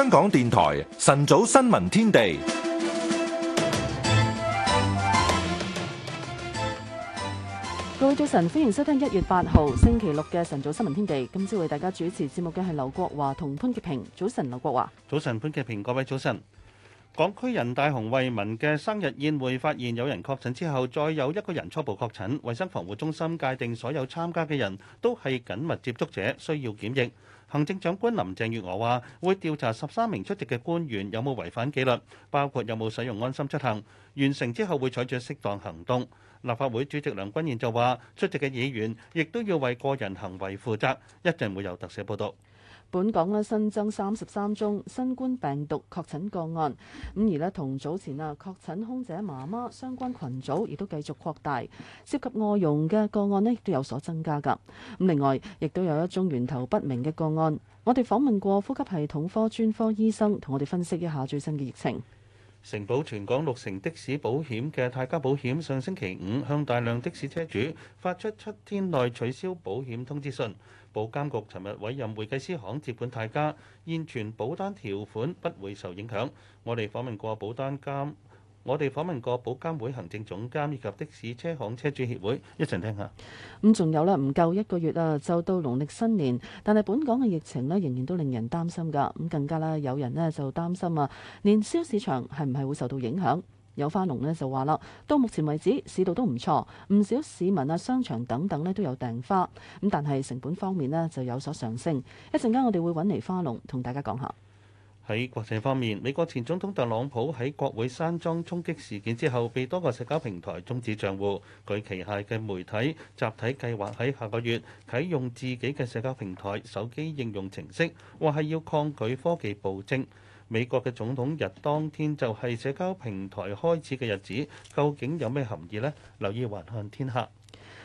香港電台晨早新聞天地，各位早晨，歡迎收聽一月八號星期六嘅晨早新聞天地。今朝為大家主持節目嘅係劉國華同潘潔平。早晨，劉國華。早晨，潘潔平。各位早晨。港區人大洪為民嘅生日宴會發現有人確診之後，再有一個人初步確診，衛生防護中心界定所有參加嘅人都係緊密接觸者，需要檢疫。行政長官林鄭月娥話：會調查十三名出席嘅官員有冇違反紀律，包括有冇使用安心出行。完成之後會採取適當行動。立法會主席梁君彥就話：出席嘅議員亦都要為個人行為負責。一陣會有特寫報道。本港咧新增三十三宗新冠病毒確診個案，咁而咧同早前啊確診空姐媽媽相關群組亦都繼續擴大，涉及外傭嘅個案咧亦都有所增加噶。咁另外亦都有一宗源頭不明嘅個案。我哋訪問過呼吸系統科專科醫生，同我哋分析一下最新嘅疫情。承保全港六成的士保險嘅泰嘉保險上星期五向大量的士車主發出七天內取消保險通知信。保監局尋日委任會計師行接管大家，現存保單條款不會受影響。我哋訪問過保單監，我哋訪問過保監會行政總監以及的士車行車主協會，一陣聽下。咁仲有啦，唔夠一個月啊，就到農曆新年，但係本港嘅疫情呢，仍然都令人擔心㗎。咁更加啦，有人呢就擔心啊，年宵市場係唔係會受到影響？有花農呢就話啦，到目前為止市道都唔錯，唔少市民啊、商場等等咧都有訂花，咁但係成本方面呢就有所上升。一陣間我哋會搵嚟花農同大家講下。喺國際方面，美國前總統特朗普喺國會山莊衝擊事件之後，被多個社交平台終止賬戶。佢旗下嘅媒體集體計劃喺下個月啟用自己嘅社交平台手機應用程式，話係要抗拒科技暴政。美國嘅總統日當天就係社交平台開始嘅日子，究竟有咩含義呢？留意環看天下。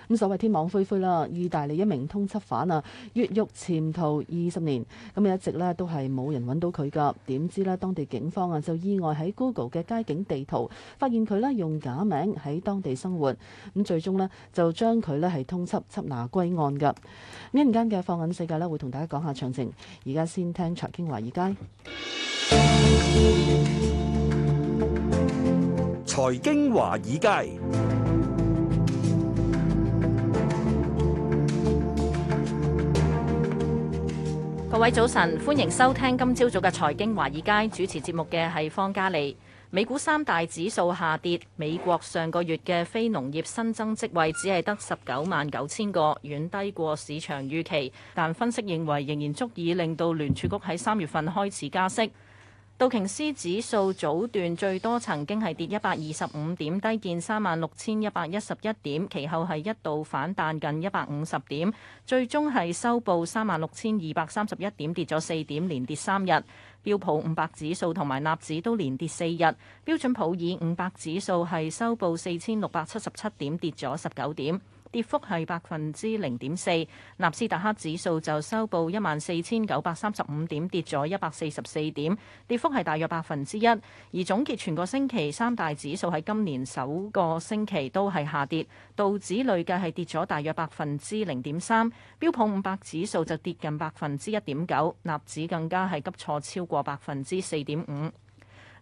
咁所謂天網恢恢啦，意大利一名通緝犯啊，越獄潛逃二十年，咁一直咧都係冇人揾到佢噶。點知咧，當地警方啊就意外喺 Google 嘅街景地圖發現佢咧用假名喺當地生活，咁最終咧就將佢咧係通緝緝拿歸案噶。咁一陣間嘅放眼世界咧會同大家講下詳情，而家先聽財經華爾街。財經華爾街。各位早晨，歡迎收聽今朝早嘅財經華爾街主持節目嘅係方嘉利。美股三大指數下跌，美國上個月嘅非農業新增職位只係得十九萬九千個，遠低過市場預期，但分析認為仍然足以令到聯儲局喺三月份開始加息。道瓊斯指數早段最多曾經係跌一百二十五點，低見三萬六千一百一十一點，其後係一度反彈近一百五十點，最終係收報三萬六千二百三十一點，跌咗四點，連跌三日。標普五百指數同埋納指都連跌四日，標準普爾五百指數係收報四千六百七十七點，跌咗十九點。跌幅係百分之零點四，納斯達克指數就收報一萬四千九百三十五點，跌咗一百四十四點，跌幅係大約百分之一。而總結全個星期三大指數喺今年首個星期都係下跌，道指累計係跌咗大約百分之零點三，標普五百指數就跌近百分之一點九，納指更加係急挫超過百分之四點五。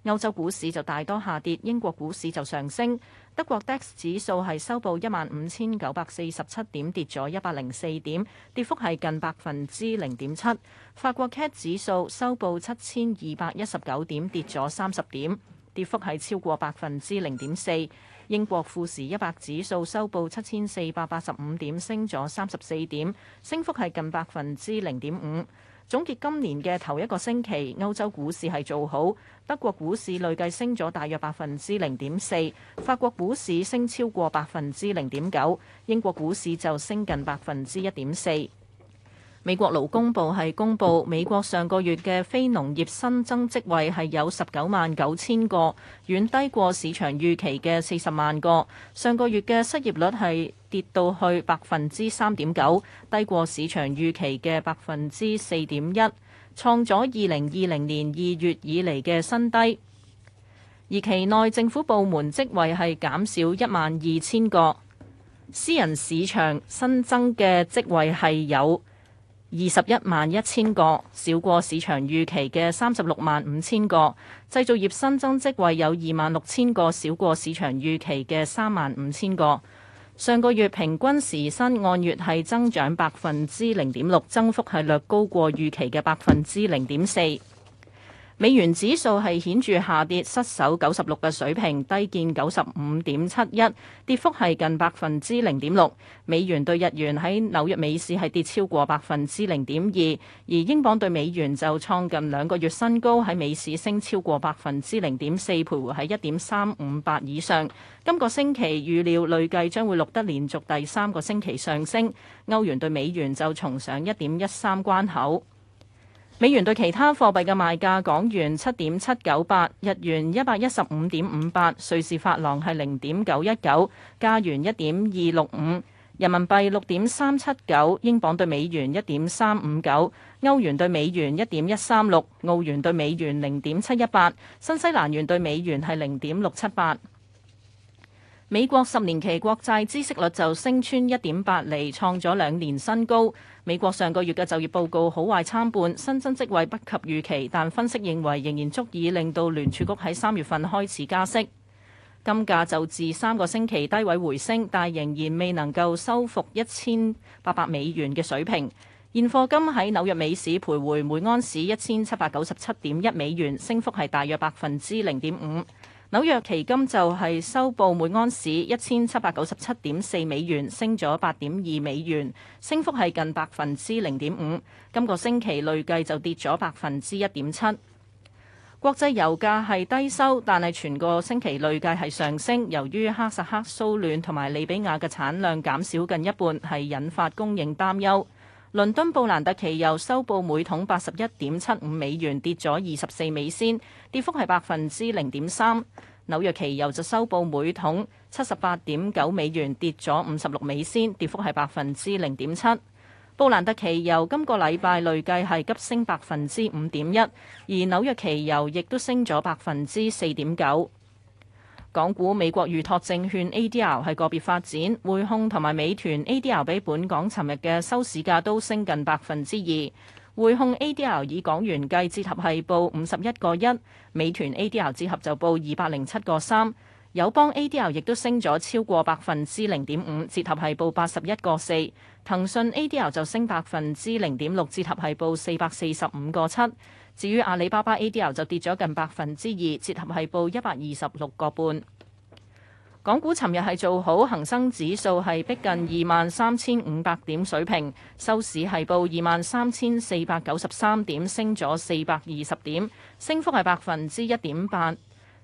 歐洲股市就大多下跌，英國股市就上升。德國 DAX 指數係收報一萬五千九百四十七點，跌咗一百零四點，跌幅係近百分之零點七。法國 CAC 指數收報七千二百一十九點，跌咗三十點，跌幅係超過百分之零點四。英國富時一百指數收報七千四百八十五點，升咗三十四點，升幅係近百分之零點五。總結今年嘅頭一個星期，歐洲股市係做好，德國股市累計升咗大約百分之零點四，法國股市升超過百分之零點九，英國股市就升近百分之一點四。美國勞工部係公佈美國上個月嘅非農業新增職位係有十九萬九千個，遠低過市場預期嘅四十萬個。上個月嘅失業率係跌到去百分之三點九，低過市場預期嘅百分之四點一，創咗二零二零年二月以嚟嘅新低。而期內政府部門職位係減少一萬二千個，私人市場新增嘅職位係有二十一萬一千個，少過市場預期嘅三十六萬五千個。製造業新增職位有二萬六千個，少過市場預期嘅三萬五千個。上個月平均時薪按月係增長百分之零點六，增幅係略高過預期嘅百分之零點四。美元指數係顯著下跌，失守九十六嘅水平，低見九十五點七一，跌幅係近百分之零點六。美元對日元喺紐約美市係跌超過百分之零點二，而英鎊對美元就創近兩個月新高，喺美市升超過百分之零點四，徘徊喺一點三五八以上。今個星期預料累計將會錄得連續第三個星期上升，歐元對美元就重上一點一三關口。美元對其他貨幣嘅賣價：港元七點七九八，日元一百一十五點五八，瑞士法郎係零點九一九，加元一點二六五，人民幣六點三七九，英鎊對美元一點三五九，歐元對美元一點一三六，澳元對美元零點七一八，新西蘭元對美元係零點六七八。美國十年期國債孳息率就升穿一點八厘，創咗兩年新高。美國上個月嘅就業報告好壞參半，新增職位不及預期，但分析認為仍然足以令到聯儲局喺三月份開始加息。金價就自三個星期低位回升，但仍然未能夠收復一千八百美元嘅水平。現貨金喺紐約美市徘徊每盎司一千七百九十七點一美元，升幅係大約百分之零點五。紐約期金就係收報每盎司一千七百九十七點四美元，升咗八點二美元，升幅係近百分之零點五。今個星期累計就跌咗百分之一點七。國際油價係低收，但係全個星期累計係上升，由於哈薩克騷亂同埋利比亞嘅產量減少近一半，係引發供應擔憂。倫敦布蘭特期油收報每桶八十一點七五美元，跌咗二十四美仙，跌幅係百分之零點三。紐約期油就收報每桶七十八點九美元，跌咗五十六美仙，跌幅係百分之零點七。布蘭特期油今個禮拜累計係急升百分之五點一，而紐約期油亦都升咗百分之四點九。港股、美國預託證券 ADR 係個別發展，匯控同埋美團 ADR 比本港尋日嘅收市價都升近百分之二。匯控 ADR 以港元計，折合係報五十一個一；美團 ADR 折合就報二百零七個三。友邦 ADR 亦都升咗超過百分之零點五，折合係報八十一個四。騰訊 ADR 就升百分之零點六，折合係報四百四十五個七。至於阿里巴巴 ADR 就跌咗近百分之二，折合係報一百二十六個半。港股尋日係做好，恒生指數係逼近二萬三千五百點水平，收市係報二萬三千四百九十三點，升咗四百二十點，升幅係百分之一點八。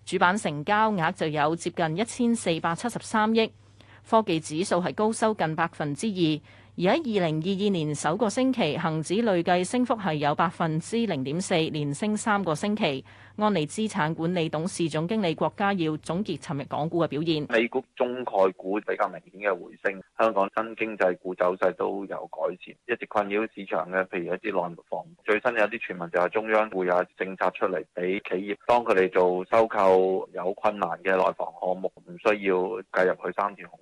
主板成交額就有接近一千四百七十三億，科技指數係高收近百分之二。而喺二零二二年首個星期，恒指累計升幅係有百分之零點四，連升三個星期。安利資產管理董事總經理郭家耀總結尋日港股嘅表現：美股中概股比較明顯嘅回升，香港新經濟股走勢都有改善。一直困擾市場嘅，譬如一啲內房，最新有啲傳聞就係中央會有政策出嚟，俾企業當佢哋做收購有困難嘅內房項目，唔需要計入去三條紅。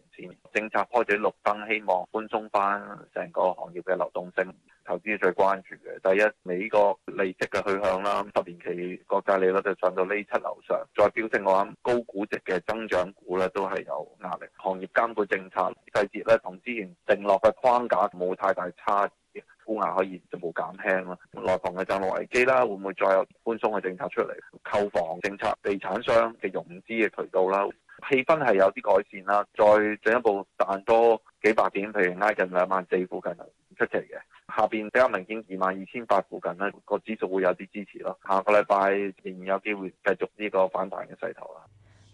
政策開始綠燈，希望寬鬆翻成個行業嘅流動性。投資最關注嘅，第一美國利息嘅去向啦，十年期國債利率就上到呢七樓上。再飆升嘅話，高估值嘅增長股咧都係有壓力。行業監管政策細節咧，同之前定落嘅框架冇太大差異，估下可以逐步減輕咯。內房嘅債務危機啦，會唔會再有寬鬆嘅政策出嚟？購房政策、地產商嘅融資嘅渠道啦。氣氛係有啲改善啦，再進一步彈多幾百點，譬如拉近兩萬四附近出嚟嘅，下邊比較明顯二萬二千八附近咧個指數會有啲支持咯，下個禮拜仍然有機會繼續呢個反彈嘅勢頭啦。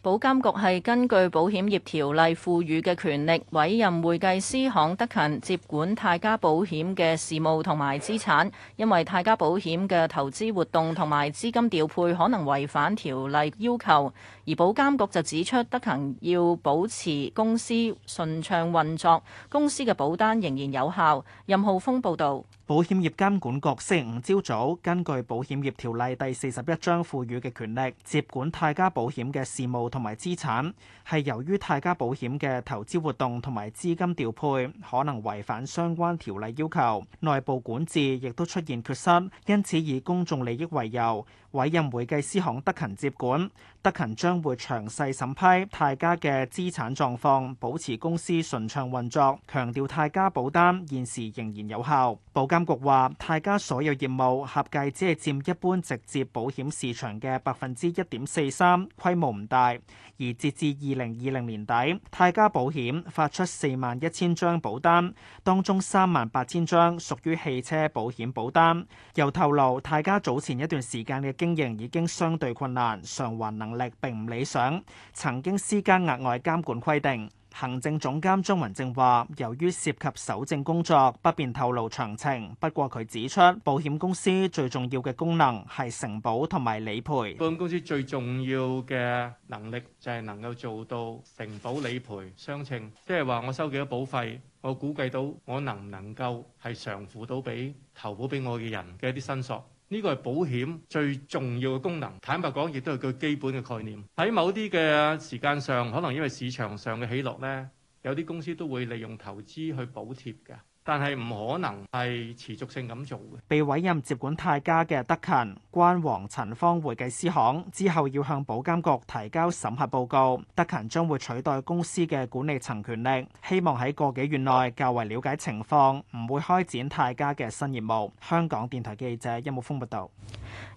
保監局係根據保險業條例賦予嘅權力，委任會計師行德勤接管泰嘉保險嘅事務同埋資產，因為泰嘉保險嘅投資活動同埋資金調配可能違反條例要求。而保監局就指出，德勤要保持公司順暢運作，公司嘅保單仍然有效。任浩峰報導。保險業監管局星期五朝早根據保險業條例第四十一章賦予嘅權力，接管泰嘉保險嘅事務同埋資產，係由於泰嘉保險嘅投資活動同埋資金調配可能違反相關條例要求，內部管治亦都出現缺失，因此以公眾利益為由，委任會計師行德勤接管，德勤將會詳細審批泰家嘅資產狀況，保持公司順暢運作。強調泰家保單現時仍然有效。保監局話，泰家所有業務合計只係佔一般直接保險市場嘅百分之一點四三，規模唔大。而截至二零二零年底，泰家保險發出四萬一千張保單，當中三萬八千張屬於汽車保險保單，又透露泰家早前一段時間嘅。經營已經相對困難，償還能力並唔理想。曾經施加額外監管規定。行政總監鍾文正話，由於涉及守證工作，不便透露詳情。不過佢指出，保險公司最重要嘅功能係承保同埋理賠。保險公司最重要嘅能力就係能夠做到承保理賠雙稱，即係話我收幾多保費，我估計到我能唔能夠係償付到俾投保俾我嘅人嘅一啲申索。呢個係保險最重要嘅功能，坦白講，亦都係佢基本嘅概念。喺某啲嘅時間上，可能因為市場上嘅起落，呢有啲公司都會利用投資去補貼㗎。但係唔可能係持續性咁做嘅。被委任接管泰加嘅德勤關黃陳方會計師行之後，要向保監局提交審核報告。德勤將會取代公司嘅管理層權力，希望喺個幾月內較為了解情況，唔會開展泰加嘅新業務。香港電台記者殷木峰報道。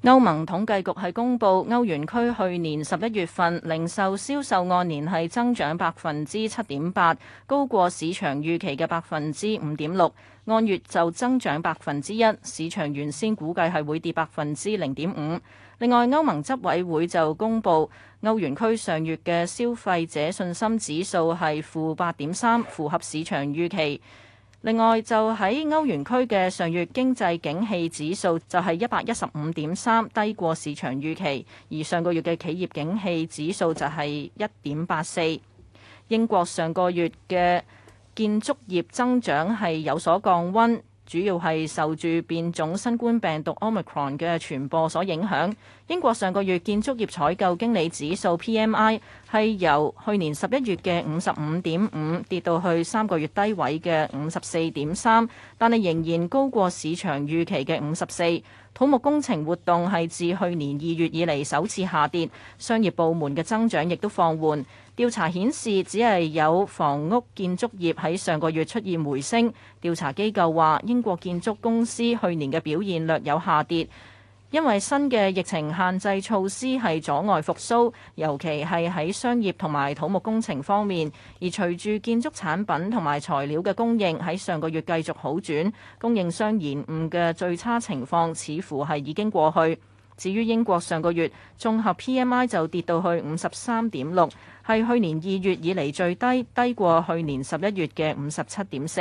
歐盟統計局係公布歐元區去年十一月份零售銷售按年係增長百分之七點八，高過市場預期嘅百分之五點。六按月就增長百分之一，市場原先估計係會跌百分之零點五。另外，歐盟執委會就公布歐元區上月嘅消費者信心指數係負八點三，符合市場預期。另外，就喺歐元區嘅上月經濟景氣指數就係一百一十五點三，低過市場預期。而上個月嘅企業景氣指數就係一點八四。英國上個月嘅建築業增長係有所降溫，主要係受住變種新冠病毒 Omicron 嘅傳播所影響。英國上個月建築業採購經理指數 PMI 係由去年十一月嘅五十五點五跌到去三個月低位嘅五十四點三，但係仍然高過市場預期嘅五十四。土木工程活動係自去年二月以嚟首次下跌，商業部門嘅增長亦都放緩。調查顯示，只係有房屋建築業喺上個月出現回升。調查機構話，英國建築公司去年嘅表現略有下跌，因為新嘅疫情限制措施係阻礙復甦，尤其係喺商業同埋土木工程方面。而隨住建築產品同埋材料嘅供應喺上個月繼續好轉，供應商延誤嘅最差情況似乎係已經過去。至於英國上個月綜合 PMI 就跌到去五十三點六，係去年二月以嚟最低，低過去年十一月嘅五十七點四。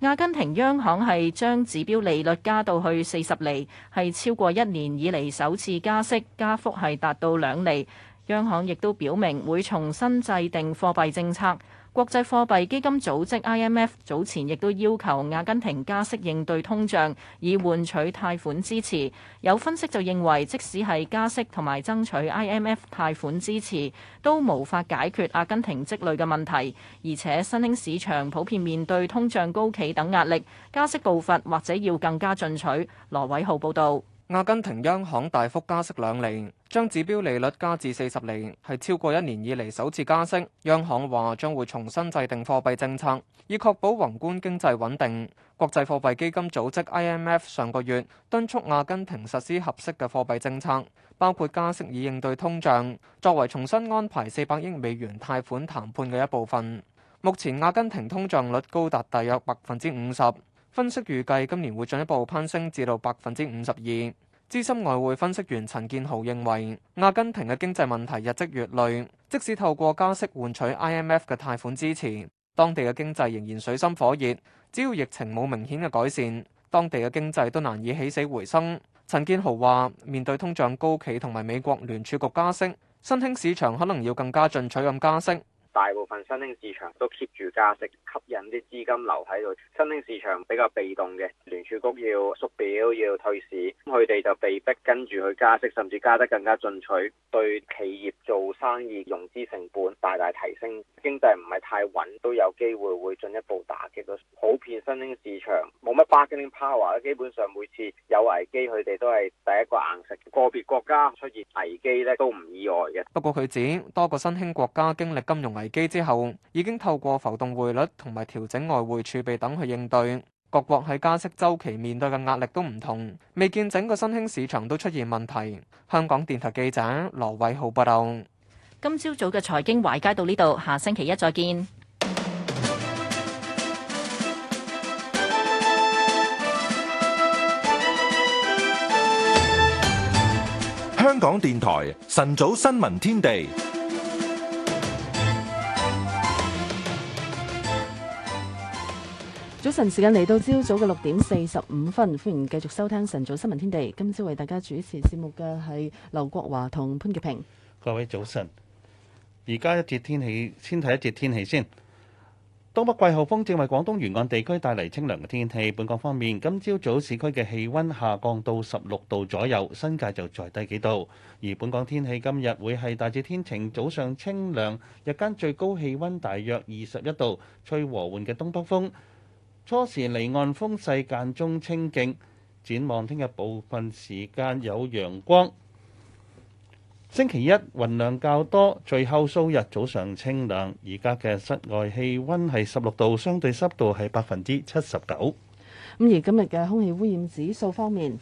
阿根廷央行係將指標利率加到去四十厘，係超過一年以嚟首次加息，加幅係達到兩厘。央行亦都表明會重新制定貨幣政策。國際貨幣基金組織 IMF 早前亦都要求阿根廷加息應對通脹，以換取貸款支持。有分析就認為，即使係加息同埋爭取 IMF 貸款支持，都無法解決阿根廷積累嘅問題。而且，新興市場普遍面對通脹高企等壓力，加息步伐或者要更加進取。羅偉浩報道。阿根廷央行大幅加息兩釐，將指標利率加至四十釐，係超過一年以嚟首次加息。央行話將會重新制定貨幣政策，以確保宏觀經濟穩定。國際貨幣基金組織 IMF 上個月敦促阿根廷實施合適嘅貨幣政策，包括加息以應對通脹，作為重新安排四百億美元貸款談判嘅一部分。目前阿根廷通脹率高達大約百分之五十。分析預計今年會進一步攀升至到百分之五十二。資深外匯分析員陳建豪認為，阿根廷嘅經濟問題日積月累，即使透過加息換取 IMF 嘅貸款支持，當地嘅經濟仍然水深火熱。只要疫情冇明顯嘅改善，當地嘅經濟都難以起死回生。陳建豪話，面對通脹高企同埋美國聯儲局加息，新興市場可能要更加進取咁加息。大部分新興市場都 keep 住加息，吸引啲資金流喺度。新興市場比較被動嘅，聯儲局要縮表要退市，佢哋就被迫跟住去加息，甚至加得更加進取，對企業做生意融資成本大大提升。經濟唔係太穩，都有機會會進一步打擊到普遍新興市場，冇乜 bargaining power。基本上每次有危機，佢哋都係第一個硬食。個別國家出現危機咧，都唔意外嘅。不過佢指多個新興國家經歷金融危。之後已經透過浮動匯率同埋調整外匯儲備等去應對。各國喺加息周期面對嘅壓力都唔同，未見整個新興市場都出現問題。香港電台記者羅偉浩報道。今朝早嘅財經華爾街到呢度，下星期一再見。香港電台晨早新聞天地。早晨時間嚟到朝早嘅六點四十五分，歡迎繼續收聽晨早新聞天地。今朝為大家主持節目嘅係劉國華同潘潔平。各位早晨，而家一節天氣，先睇一節天氣先。東北季候風正為廣東沿岸地區帶嚟清涼嘅天氣。本港方面，今朝早市區嘅氣溫下降到十六度左右，新界就再低幾度。而本港天氣今日會係大致天晴，早上清涼，日間最高氣溫大約二十一度，吹和緩嘅東北風。初時離岸風勢間中清勁，展望聽日部分時間有陽光。星期一雲量較多，最後數日早上清涼。而家嘅室外氣溫係十六度，相對濕度係百分之七十九。咁而今日嘅空氣污染指數方面。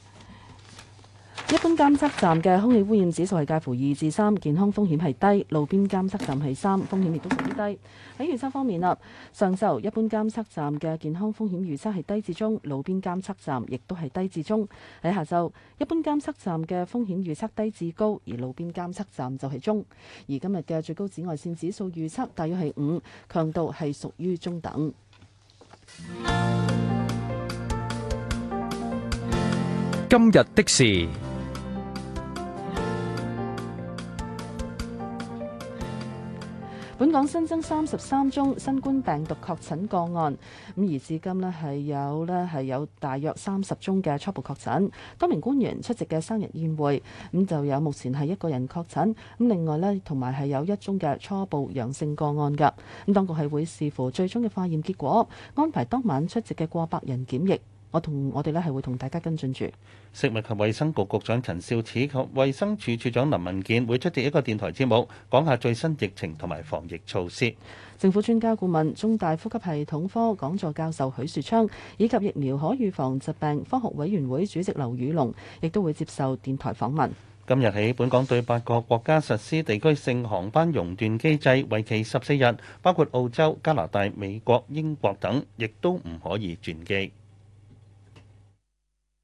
一般監測站嘅空氣污染指數係介乎二至三，健康風險係低。路邊監測站係三，風險亦都屬於低。喺預測方面啦，上晝一般監測站嘅健康風險預測係低至中，路邊監測站亦都係低至中。喺下晝，一般監測站嘅風險預測低至高，而路邊監測站就係中。而今日嘅最高紫外線指數預測大約係五，強度係屬於中等。今日的事。本港新增三十三宗新冠病毒確診個案，咁而至今呢，係有呢，係有大約三十宗嘅初步確診，多名官員出席嘅生日宴會，咁就有目前係一個人確診，咁另外呢，同埋係有一宗嘅初步陽性個案㗎，咁當局係會視乎最終嘅化驗結果，安排當晚出席嘅過百人檢疫。我同我哋咧係會同大家跟進住食物及衛生局局長陳肇始及衛生署署長林文健會出席一個電台節目，講下最新疫情同埋防疫措施。政府專家顧問中大呼吸系統科講座教授許樹昌以及疫苗可預防疾病科學委員會主席劉宇龍，亦都會接受電台訪問。今日起，本港對八個國家實施地區性航班熔斷機制，為期十四日，包括澳洲、加拿大、美國、英國等，亦都唔可以轉機。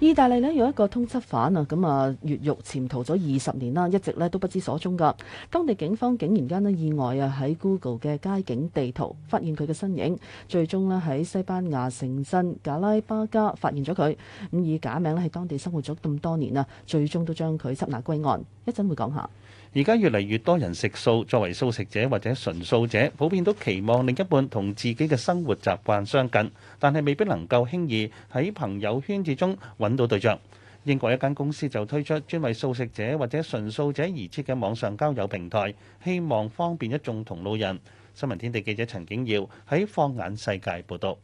意大利咧有一個通緝犯啊，咁啊越獄潛逃咗二十年啦，一直咧都不知所蹤噶。當地警方竟然間咧意外啊喺 Google 嘅街景地圖發現佢嘅身影，最終咧喺西班牙城鎮加拉巴加發現咗佢。咁以假名喺當地生活咗咁多年啦，最終都將佢緝拿歸案。會會講一陣會講下。而家越嚟越多人食素，作為素食者或者純素者，普遍都期望另一半同自己嘅生活習慣相近，但係未必能夠輕易喺朋友圈子中揾到對象。英國一間公司就推出專為素食者或者純素者而設嘅網上交友平台，希望方便一眾同路人。新聞天地記者陳景耀喺《放眼世界》報道。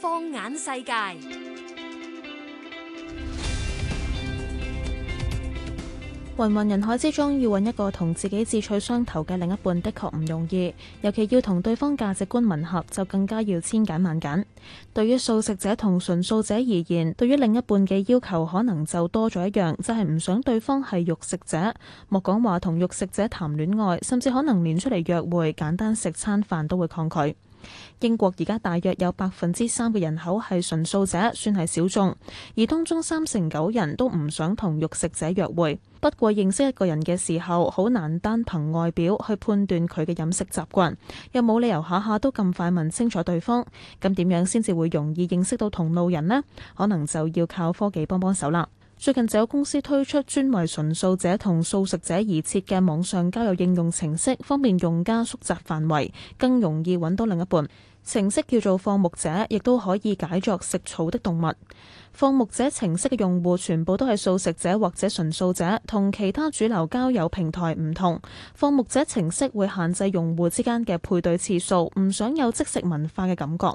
放眼世界。芸芸人海之中，要揾一個同自己志趣相投嘅另一半的確唔容易，尤其要同對方價值觀吻合，就更加要千揀萬揀。對於素食者同純素者而言，對於另一半嘅要求可能就多咗一樣，就係唔想對方係肉食者。莫講話同肉食者談戀愛，甚至可能連出嚟約會、簡單食餐飯都會抗拒。英國而家大約有百分之三嘅人口係純素者，算係小眾。而當中三成九人都唔想同肉食者約會。不過認識一個人嘅時候，好難單憑外表去判斷佢嘅飲食習慣，又冇理由下下都咁快問清楚對方。咁點樣先至會容易認識到同路人呢？可能就要靠科技幫幫手啦。最近就有公司推出專為純素者同素食者而設嘅網上交友應用程式，方便用家縮窄範圍，更容易揾到另一半。程式叫做放牧者，亦都可以解作食草的動物。放牧者程式嘅用戶全部都係素食者或者純素者，同其他主流交友平台唔同。放牧者程式會限制用戶之間嘅配對次數，唔想有即食文化嘅感覺。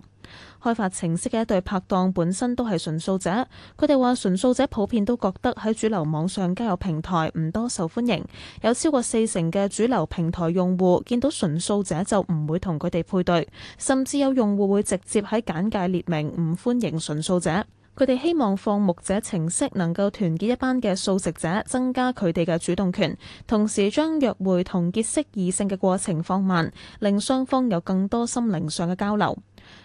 開發程式嘅一對拍檔本身都係純素者，佢哋話純素者普遍都覺得喺主流網上交友平台唔多受歡迎。有超過四成嘅主流平台用戶見到純素者就唔會同佢哋配對，甚至有用戶會直接喺簡介列明唔歡迎純素者。佢哋希望放牧者程式能夠團結一班嘅素食者，增加佢哋嘅主動權，同時將約會同結識異性嘅過程放慢，令雙方有更多心靈上嘅交流。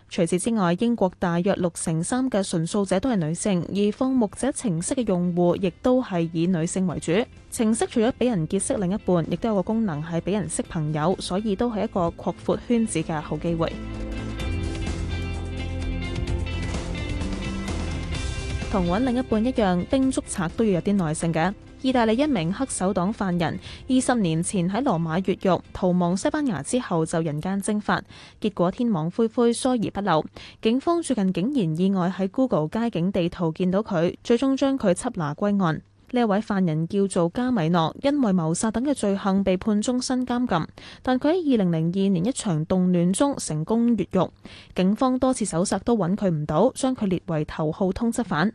除此之外，英國大約六成三嘅純素者都係女性，而放牧者程式嘅用戶亦都係以女性為主。程式除咗俾人結識另一半，亦都有個功能係俾人識朋友，所以都係一個擴闊圈子嘅好機會。同揾另一半一樣，冰足賊都要有啲耐性嘅。意大利一名黑手黨犯人，二十年前喺羅馬越獄，逃亡西班牙之後就人間蒸發，結果天網恢恢疏而不漏，警方最近竟然意外喺 Google 街景地圖見到佢，最終將佢緝拿歸案。呢一位犯人叫做加米諾，因為謀殺等嘅罪行被判終身監禁，但佢喺二零零二年一場動亂中成功越獄，警方多次搜查都揾佢唔到他，將佢列為頭號通緝犯。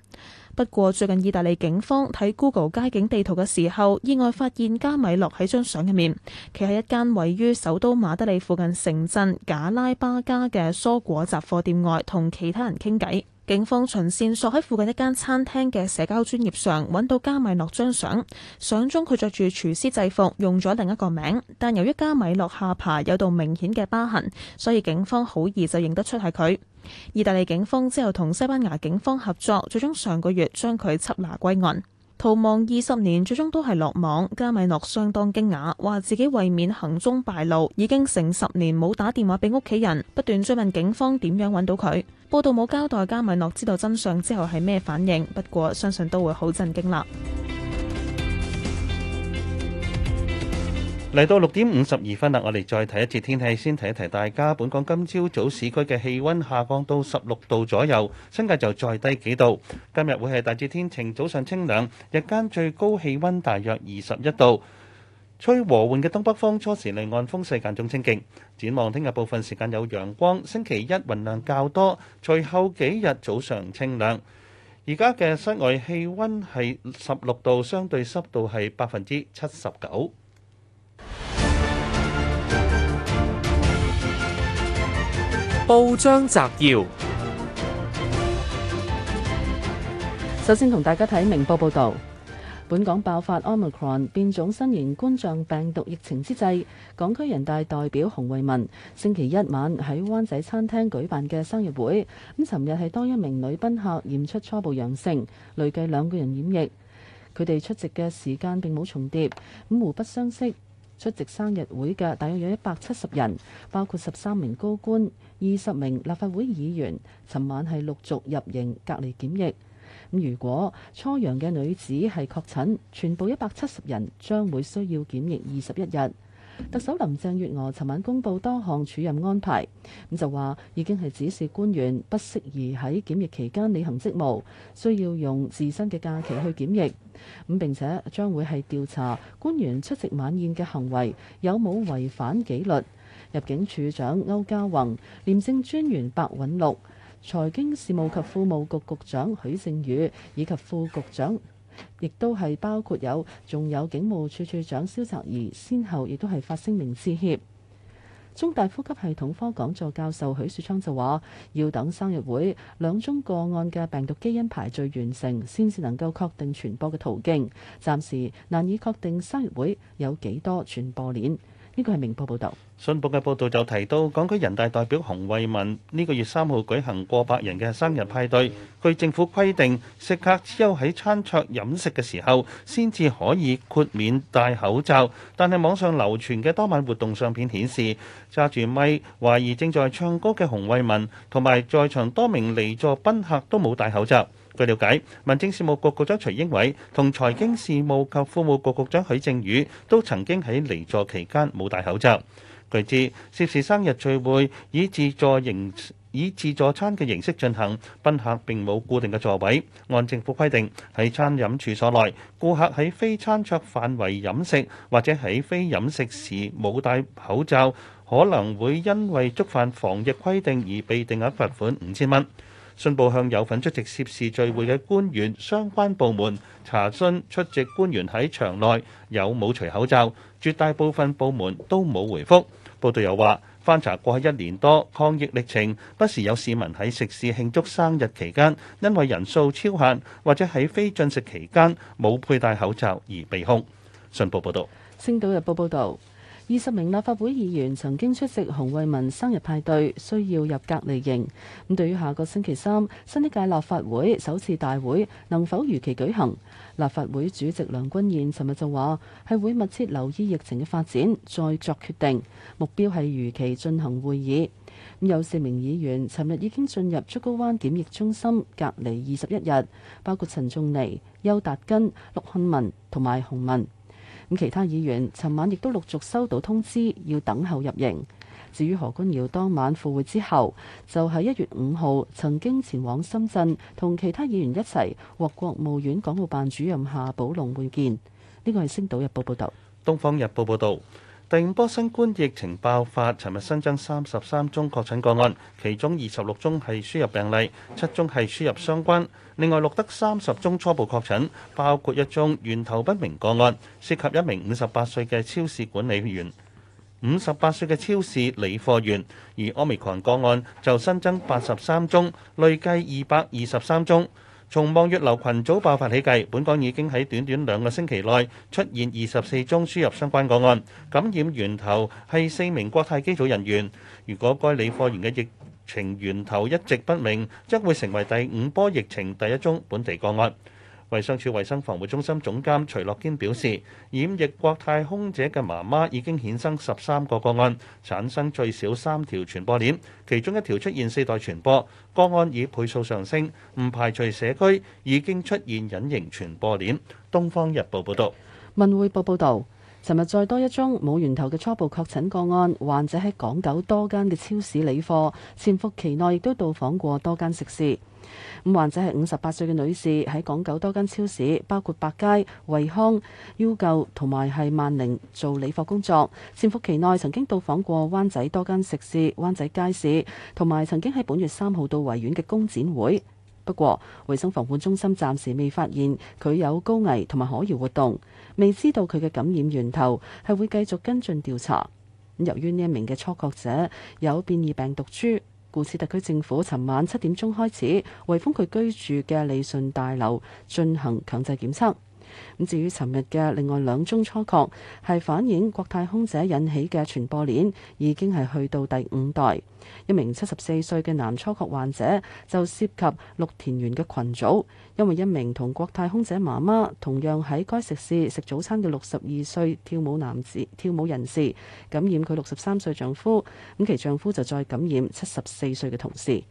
不過，最近意大利警方睇 Google 街景地圖嘅時候，意外發現加米諾喺張相入面，企喺一間位於首都馬德里附近城鎮賈拉巴加嘅蔬果雜貨店外，同其他人傾偈。警方循線索喺附近一間餐廳嘅社交專業上，揾到加米諾張相，相中佢着住廚師制服，用咗另一個名。但由於加米諾下巴有道明顯嘅疤痕，所以警方好易就認得出係佢。意大利警方之後同西班牙警方合作，最終上個月將佢緝拿歸案。逃亡二十年，最終都係落網。加米諾相當驚訝，話自己為免行蹤敗露，已經成十年冇打電話俾屋企人，不斷追問警方點樣揾到佢。報道冇交代加米諾知道真相之後係咩反應，不過相信都會好震驚啦。嚟到六點五十二分啦，我哋再睇一次天氣，先提一提大家。本港今朝早市區嘅氣温下降到十六度左右，新界就再低幾度。今日會係大致天晴，早上清涼，日間最高氣温大約二十一度。吹和緩嘅東北風，初時離岸風勢間中清勁。展望聽日部分時間有陽光，星期一雲量較多，隨後幾日早上清涼。而家嘅室外氣温係十六度，相對濕度係百分之七十九。報章摘要，首先同大家睇明報報道。本港爆發 Omicron，變種新型冠狀病毒疫情之際，港區人大代表洪為民星期一晚喺灣仔餐廳舉辦嘅生日會，咁尋日係當一名女賓客驗出初步陽性，累計兩個人染疫。佢哋出席嘅時間並冇重疊，咁互不相識。出席生日會嘅大約有一百七十人，包括十三名高官、二十名立法會議員。尋晚係陸續入營隔離檢疫。咁如果初陽嘅女子係確診，全部一百七十人將會需要檢疫二十一日。特首林鄭月娥尋晚公布多項處任安排，咁就話已經係指示官員不適宜喺檢疫期間履行職務，需要用自身嘅假期去檢疫。咁並且將會係調查官員出席晚宴嘅行為有冇違反紀律。入境處長歐家宏、廉政專員白韞六財經事務及庫務局局長許正宇以及副局長，亦都係包括有，仲有警務處處長蕭澤頤，先後亦都係發聲明致歉。中大呼吸系統科講座教授許樹昌就話：要等生日會兩宗個案嘅病毒基因排序完成，先至能夠確定傳播嘅途徑，暫時難以確定生日會有幾多傳播鏈。呢個係明報報導，信報嘅報導就提到，港區人大代表洪為民呢個月三號舉行過百人嘅生日派對。據政府規定，食客只有喺餐桌飲食嘅時候，先至可以豁免戴口罩。但係網上流傳嘅當晚活動相片顯示，揸住咪懷疑正在唱歌嘅洪為民，同埋在場多名離座賓客都冇戴口罩。據瞭解，民政事務局局長徐英偉同財經事務及庫務局局長許正宇都曾經喺離座期間冇戴口罩。據知涉事生日聚會以自助形以自助餐嘅形式進行，賓客並冇固定嘅座位。按政府規定，喺餐飲處所內，顧客喺非餐桌範圍飲食或者喺非飲食時冇戴口罩，可能會因為觸犯防疫規定而被定額罰款五千蚊。信報向有份出席涉事聚會嘅官員、相關部門查詢出席官員喺場內有冇除口罩，絕大部分部門都冇回覆。報道又話，翻查過去一年多抗疫歷程，不時有市民喺食肆慶祝生日期間，因為人數超限或者喺非進食期間冇佩戴口罩而被控。信報報導。星島日報報道。二十名立法會議員曾經出席洪為民生日派對，需要入隔離營。咁對於下個星期三新一屆立法會首次大會能否如期舉行，立法會主席梁君彥尋日就話係會密切留意疫情嘅發展，再作決定。目標係如期進行會議。咁有四名議員尋日已經進入竹篙灣檢疫中心隔離二十一日，包括陳仲尼、邱達根、陸漢文同埋洪文。咁其他議員尋晚亦都陸續收到通知，要等候入營。至於何君堯當晚赴會之後，就喺一月五號曾經前往深圳，同其他議員一齊獲國務院港澳辦主任夏寶龍會見。呢個係《星島日報》報導，《東方日報》報導，第五波新冠疫情爆發，尋日新增三十三宗確診個案，其中二十六宗係輸入病例，七宗係輸入相關。另外錄得三十宗初步確診，包括一宗源頭不明個案，涉及一名五十八歲嘅超市管理員。五十八歲嘅超市理貨員，而 Omicron 個案就新增八十三宗，累計二百二十三宗。從望月樓群組爆發起計，本港已經喺短短兩個星期內出現二十四宗輸入相關個案，感染源頭係四名國泰機組人員。如果該理貨員嘅疫疫情源頭一直不明，將會成為第五波疫情第一宗本地個案。衞生署衞生防護中心總監徐樂堅表示，染疫國泰空姐嘅媽媽已經衍生十三個個案，產生最少三條傳播鏈，其中一條出現四代傳播，個案以倍數上升，唔排除社區已經出現隱形傳播鏈。《東方日報》報道，《文匯報》報導。尋日再多一宗冇源頭嘅初步確診個案，患者喺港九多間嘅超市理貨，潛伏期內亦都到訪過多間食肆。咁患者係五十八歲嘅女士，喺港九多間超市，包括百佳、惠康、U 購同埋係萬寧做理貨工作。潛伏期內曾經到訪過灣仔多間食肆、灣仔街市，同埋曾經喺本月三號到維園嘅工展會。不過，衛生防護中心暫時未發現佢有高危同埋可疑活動。未知道佢嘅感染源頭，係會繼續跟進調查。由於呢一名嘅初確者有變異病毒株，故此特區政府尋晚七點鐘開始圍封佢居住嘅利信大樓進行強制檢測。咁至於尋日嘅另外兩宗初確係反映國泰空姐引起嘅傳播鏈已經係去到第五代，一名七十四歲嘅男初確患者就涉及綠田園嘅群組，因為一名同國泰空姐媽媽同樣喺該食肆食早餐嘅六十二歲跳舞男子，跳舞人士感染佢六十三歲丈夫，咁其丈夫就再感染七十四歲嘅同事。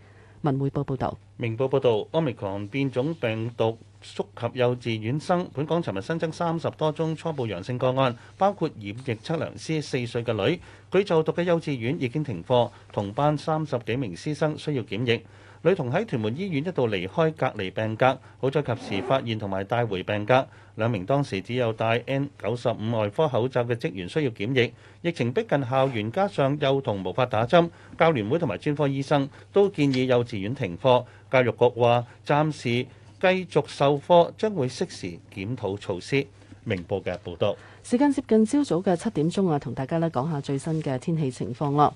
文匯報報導，明報報道，奧密克戎變種病毒，觸及幼稚園生，本港尋日新增三十多宗初步陽性個案，包括染疫測量師四歲嘅女，佢就讀嘅幼稚園已經停課，同班三十幾名師生需要檢疫。女童喺屯門醫院一度離開隔離病格，好在及時發現同埋帶回病格。兩名當時只有戴 N 九十五外科口罩嘅職員需要檢疫。疫情逼近校園，加上幼童無法打針，教聯會同埋專科醫生都建議幼稚園停課。教育局話暫時。繼續授課，將會適時檢討措施。明報嘅報道。時間接近朝早嘅七點鐘啊，同大家呢講下最新嘅天氣情況咯。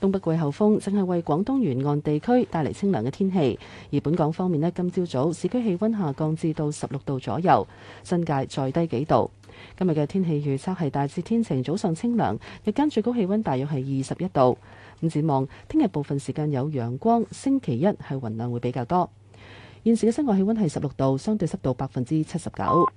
東北季候風正係為廣東沿岸地區帶嚟清涼嘅天氣。而本港方面呢，今朝早市區氣温下降至到十六度左右，新界再低幾度。今日嘅天氣預測係大致天晴，早上清涼，日間最高氣温大約係二十一度。咁展望聽日部分時間有陽光，星期一係雲量會比較多。現時嘅室外氣溫係十六度，相對濕度百分之七十九。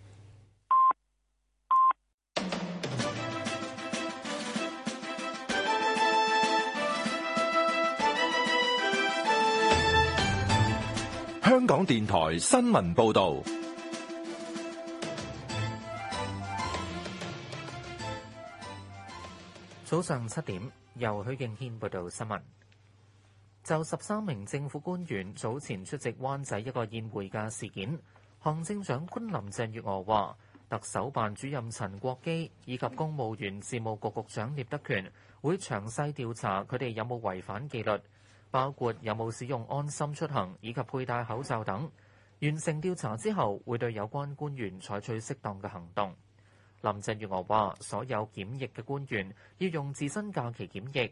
香港電台新聞報道，早上七點，由許敬軒報道新聞。就十三名政府官員早前出席灣仔一個宴會嘅事件，行政長官林鄭月娥話特首辦主任陳國基以及公務員事務局局長聶德權會詳細調查佢哋有冇違反紀律，包括有冇使用安心出行以及佩戴口罩等。完成調查之後會對有關官員採取適當嘅行動。林鄭月娥話所有檢疫嘅官員要用自身假期檢疫。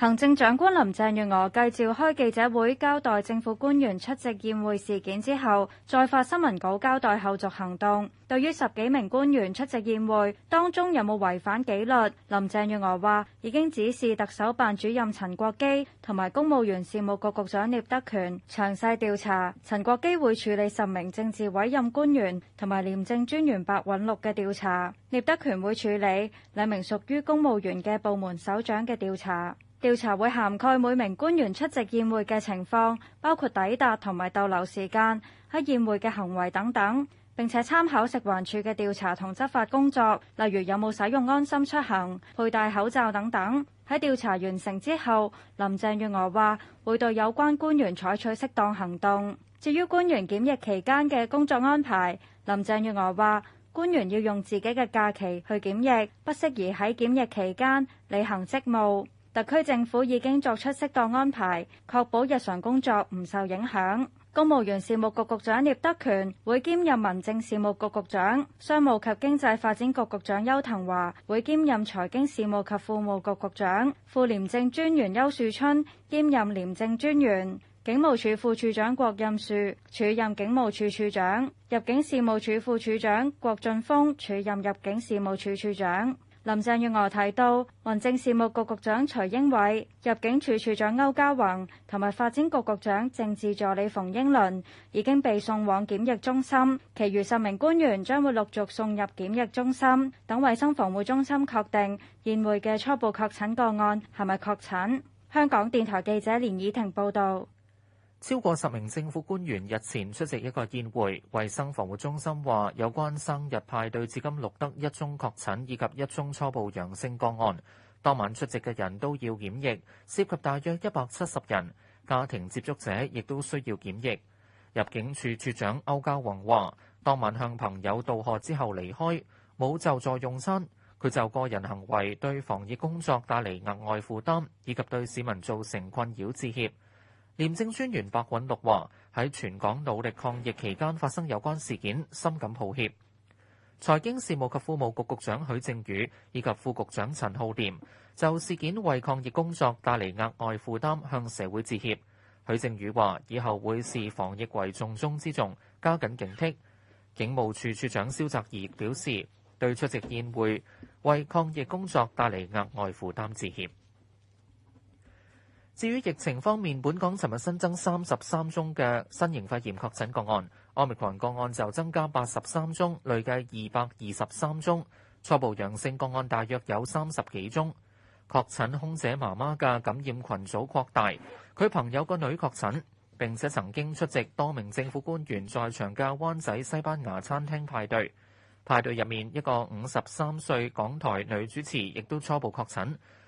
行政長官林鄭月娥繼召開記者會交代政府官員出席宴會事件之後，再發新聞稿交代後續行動。對於十幾名官員出席宴會當中有冇違反紀律，林鄭月娥話已經指示特首辦主任陳國基同埋公務員事務局局長聶德權詳細調查。陳國基會處理十名政治委任官員同埋廉政專員白韞六嘅調查，聶德權會處理兩名屬於公務員嘅部門首長嘅調查。調查會涵蓋每名官員出席宴會嘅情況，包括抵達同埋逗留時間、喺宴會嘅行為等等。並且參考食環署嘅調查同執法工作，例如有冇使用安心出行、佩戴口罩等等。喺調查完成之後，林鄭月娥話會對有關官員採取適當行動。至於官員檢疫期間嘅工作安排，林鄭月娥話官員要用自己嘅假期去檢疫，不適宜喺檢疫期間履行職務。特區政府已經作出適當安排，確保日常工作唔受影響。公務員事務局局長聶德權會兼任民政事務局局長，商務及經濟發展局局長邱騰華會兼任財經事務及庫務局局長，副廉政專員邱樹春兼任廉政專員，警務處副處長郭任樹署任警務處處長，入境事務處副處長郭俊峰署任入境事務處處長。林鄭月娥提到，民政事務局局長徐英偉、入境處處長區嘉宏同埋發展局局長政治助理馮英倫已經被送往檢疫中心，其餘十名官員將會陸續送入檢疫中心，等衛生防護中心確定宴會嘅初步確診個案係咪確診。香港電台記者連以婷報導。超過十名政府官員日前出席一個宴會，衛生防護中心話有關生日派對至今錄得一宗確診以及一宗初步陽性個案。當晚出席嘅人都要檢疫，涉及大約一百七十人，家庭接觸者亦都需要檢疫。入境處處長歐家宏話：當晚向朋友道賀之後離開，冇就座用餐。佢就個人行為對防疫工作帶嚟額外負擔，以及對市民造成困擾致歉。廉政專員白韞六話：喺全港努力抗疫期間發生有關事件，深感抱歉。財經事務及庫務局局長許正宇以及副局長陳浩濂就事件為抗疫工作帶嚟額外負擔，向社會致歉。許正宇話：以後會視防疫為重中之重，加緊警惕。警務處處長蕭澤頤表示，對出席宴會為抗疫工作帶嚟額外負擔致歉。至於疫情方面，本港尋日新增三十三宗嘅新型肺炎確診個案，Omicron 個案就增加八十三宗，累計二百二十三宗。初步陽性個案大約有三十幾宗。確診空姐媽媽嘅感染群組擴大，佢朋友個女確診，並且曾經出席多名政府官員在場嘅灣仔西班牙餐廳派對。派對入面一個五十三歲港台女主持亦都初步確診。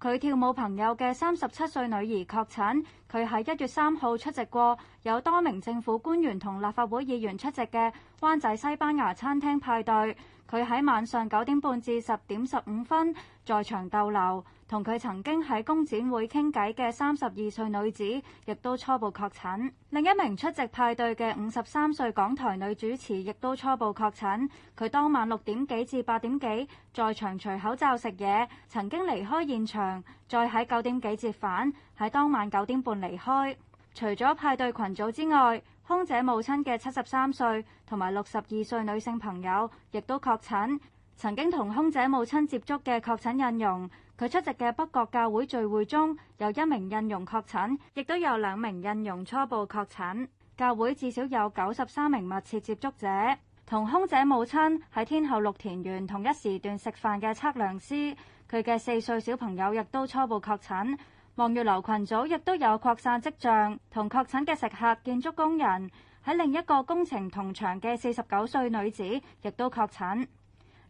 佢跳舞朋友嘅三十七歲女兒確診，佢喺一月三號出席過有多名政府官員同立法會議員出席嘅灣仔西班牙餐廳派對，佢喺晚上九點半至十點十五分。在場逗留，同佢曾經喺公展會傾偈嘅三十二歲女子，亦都初步確診。另一名出席派對嘅五十三歲港台女主持，亦都初步確診。佢當晚六點幾至八點幾在場除口罩食嘢，曾經離開現場，再喺九點幾折返，喺當晚九點半離開。除咗派對群組之外，空姐母親嘅七十三歲同埋六十二歲女性朋友，亦都確診。曾經同空姐母親接觸嘅確診印傭，佢出席嘅北角教會聚會中，有一名印傭確診，亦都有兩名印傭初步確診。教會至少有九十三名密切接觸者。同空姐母親喺天后綠田園同一時段食飯嘅測量師，佢嘅四歲小朋友亦都初步確診。望月樓群組亦都有擴散跡象，同確診嘅食客、建築工人喺另一個工程同場嘅四十九歲女子亦都確診。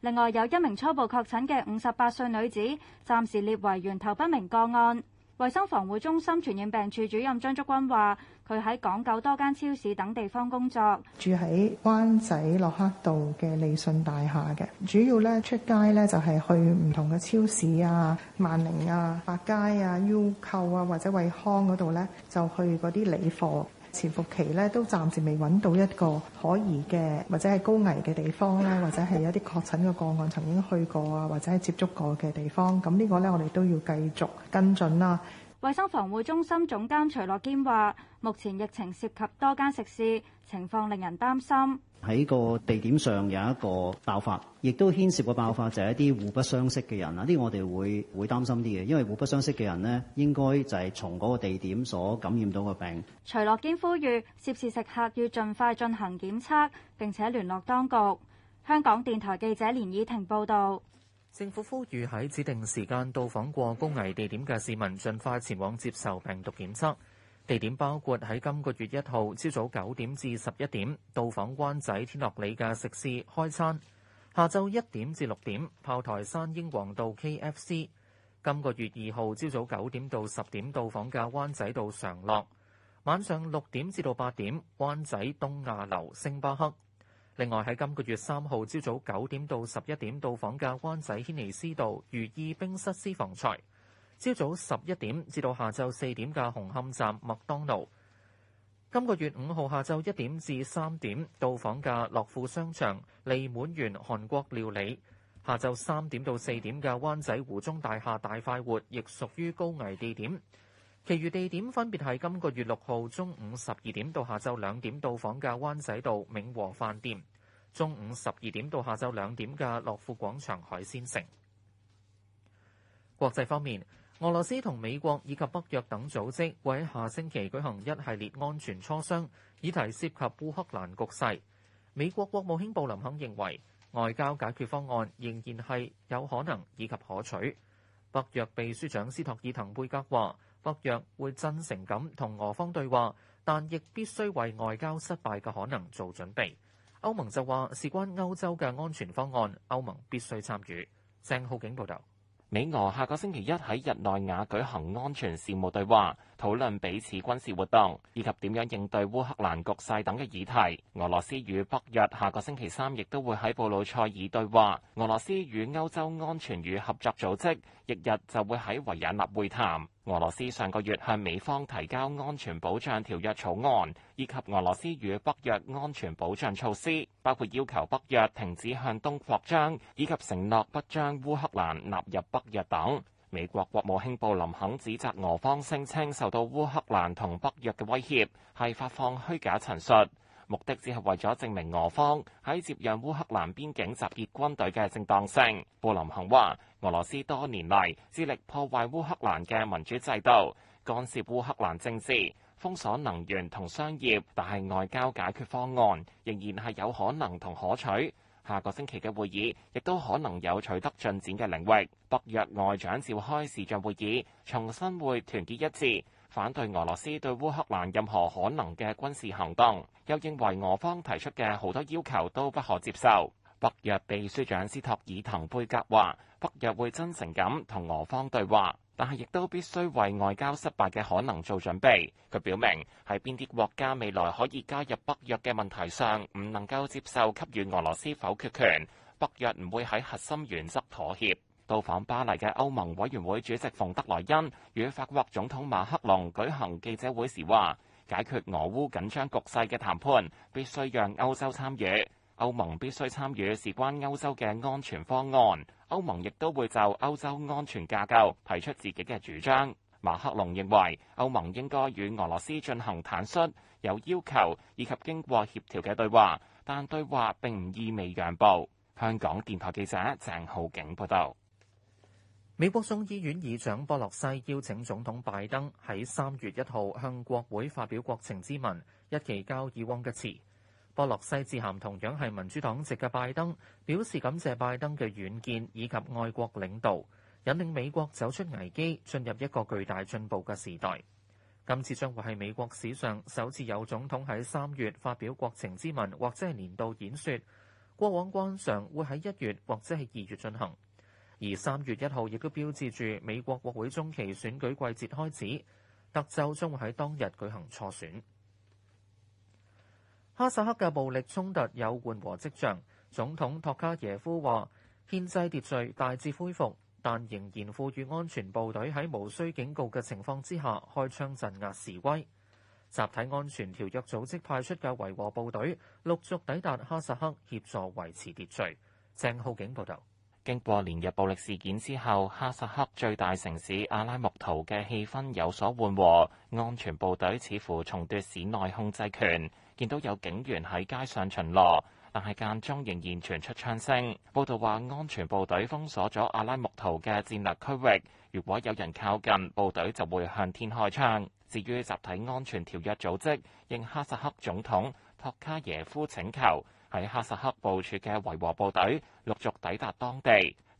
另外有一名初步確診嘅五十八歲女子，暫時列為源頭不明個案。衛生防護中心傳染病處主任張竹君話，佢喺港九多間超市等地方工作，住喺灣仔洛克道嘅利信大廈嘅，主要咧出街咧就係去唔同嘅超市啊、萬寧啊、百佳啊、U 購啊或者惠康嗰度咧，就去嗰啲理貨。潛伏期咧都暫時未揾到一個可疑嘅或者係高危嘅地方咧，或者係一啲確診嘅個案曾經去過啊，或者係接觸過嘅地方，咁呢個咧我哋都要繼續跟進啦。衞生防護中心總監徐樂堅話，目前疫情涉及多間食肆。情況令人擔心。喺個地點上有一個爆發，亦都牽涉個爆發就係一啲互不相識嘅人啊！呢個我哋會會擔心啲嘅，因為互不相識嘅人呢，應該就係從嗰個地點所感染到個病。徐樂堅呼籲涉事食客要盡快進行檢測並且聯絡當局。香港電台記者連以婷報導。政府呼籲喺指定時間到訪過高危地點嘅市民，盡快前往接受病毒檢測。地點包括喺今個月一號朝早九點至十一點，到訪灣仔天樂里嘅食肆開餐；下晝一點至六點，炮台山英皇道 KFC；今個月二號朝早九點到十點，到訪嘅灣仔道常樂；晚上六點至到八點，灣仔東亞樓星巴克。另外喺今個月三號朝早九點到十一點到訪的灣，到訪嘅灣仔軒尼詩道如意冰室私房菜。朝早十一點至到下晝四點嘅紅磡站麥當勞，今個月五號下晝一點至三點到訪嘅樂富商場利滿園韓國料理，下晝三點到四點嘅灣仔湖中大廈大快活亦屬於高危地點。其餘地點分別係今個月六號中午十二點到下晝兩點到訪嘅灣仔道明和飯店，中午十二點到下晝兩點嘅樂富廣場海鮮城。國際方面。俄羅斯同美國以及北約等組織會喺下星期舉行一系列安全磋商，議題涉及烏克蘭局勢。美國國務卿布林肯認為外交解決方案仍然係有可能以及可取。北約秘書長斯托爾滕貝格話：北約會真誠咁同俄方對話，但亦必須為外交失敗嘅可能做準備。歐盟就話：事關歐洲嘅安全方案，歐盟必須參與。鄭浩景報道。美俄下個星期一喺日內瓦舉行安全事務對話，討論彼此軍事活動以及點樣應對烏克蘭局勢等嘅議題。俄羅斯與北約下個星期三亦都會喺布魯塞爾對話。俄羅斯與歐洲安全與合作組織翌日就會喺維也納會談。俄羅斯上個月向美方提交安全保障條約草案，以及俄羅斯與北約安全保障措施，包括要求北約停止向東擴張，以及承諾不將烏克蘭納入北約等。美國國務卿布林肯指責俄方聲稱受到烏克蘭同北約嘅威脅，係發放虛假陳述，目的只係為咗證明俄方喺接壤烏克蘭邊境集結軍隊嘅正當性。布林肯話。俄羅斯多年嚟致力破壞烏克蘭嘅民主制度，干涉烏克蘭政治，封鎖能源同商業，但係外交解決方案仍然係有可能同可取。下個星期嘅會議亦都可能有取得進展嘅領域。北約外長召開視像會議，重申會團結一致，反對俄羅斯對烏克蘭任何可能嘅軍事行動，又認為俄方提出嘅好多要求都不可接受。北約秘書長斯托爾滕貝格話：北約會真誠咁同俄方對話，但係亦都必須為外交失敗嘅可能做準備。佢表明喺邊啲國家未來可以加入北約嘅問題上，唔能夠接受給予俄羅斯否決權。北約唔會喺核心原則妥協。到訪巴黎嘅歐盟委員會主席馮德萊恩與法國總統馬克龍舉行記者會時話：解決俄烏緊張局勢嘅談判必須讓歐洲參與。歐盟必須參與事關歐洲嘅安全方案。歐盟亦都會就歐洲安全架構提出自己嘅主張。馬克龍認為歐盟應該與俄羅斯進行坦率、有要求以及經過協調嘅對話，但對話並唔意味讓步。香港電台記者鄭浩景報道。美國眾議院議長波洛西邀請總統拜登喺三月一號向國會發表國情咨文，日期較以往嘅遲。波洛西致函同樣係民主黨籍嘅拜登，表示感謝拜登嘅遠見以及愛國領導，引領美國走出危機，進入一個巨大進步嘅時代。今次將會係美國史上首次有總統喺三月發表國情咨文，或者係年度演說。過往慣常會喺一月或者係二月進行。而三月一號亦都標誌住美國國會中期選舉季節開始，特州將會喺當日舉行初選。哈薩克嘅暴力衝突有緩和跡象，總統托卡耶夫話：憲制秩序大致恢復，但仍然賦予安全部隊喺無需警告嘅情況之下開槍鎮壓示威。集體安全條約組織派出嘅維和部隊陸續抵達哈薩克協助維持秩序。鄭浩景報道：經過連日暴力事件之後，哈薩克最大城市阿拉木圖嘅氣氛有所緩和，安全部隊似乎重奪市內控制權。見到有警員喺街上巡邏，但係間中仍然傳出槍聲。報道話，安全部隊封鎖咗阿拉木圖嘅戰略區域，如果有人靠近，部隊就會向天開槍。至於集體安全條約組織，應哈薩克總統托卡耶夫請求，喺哈薩克部署嘅維和部隊陸續抵達當地。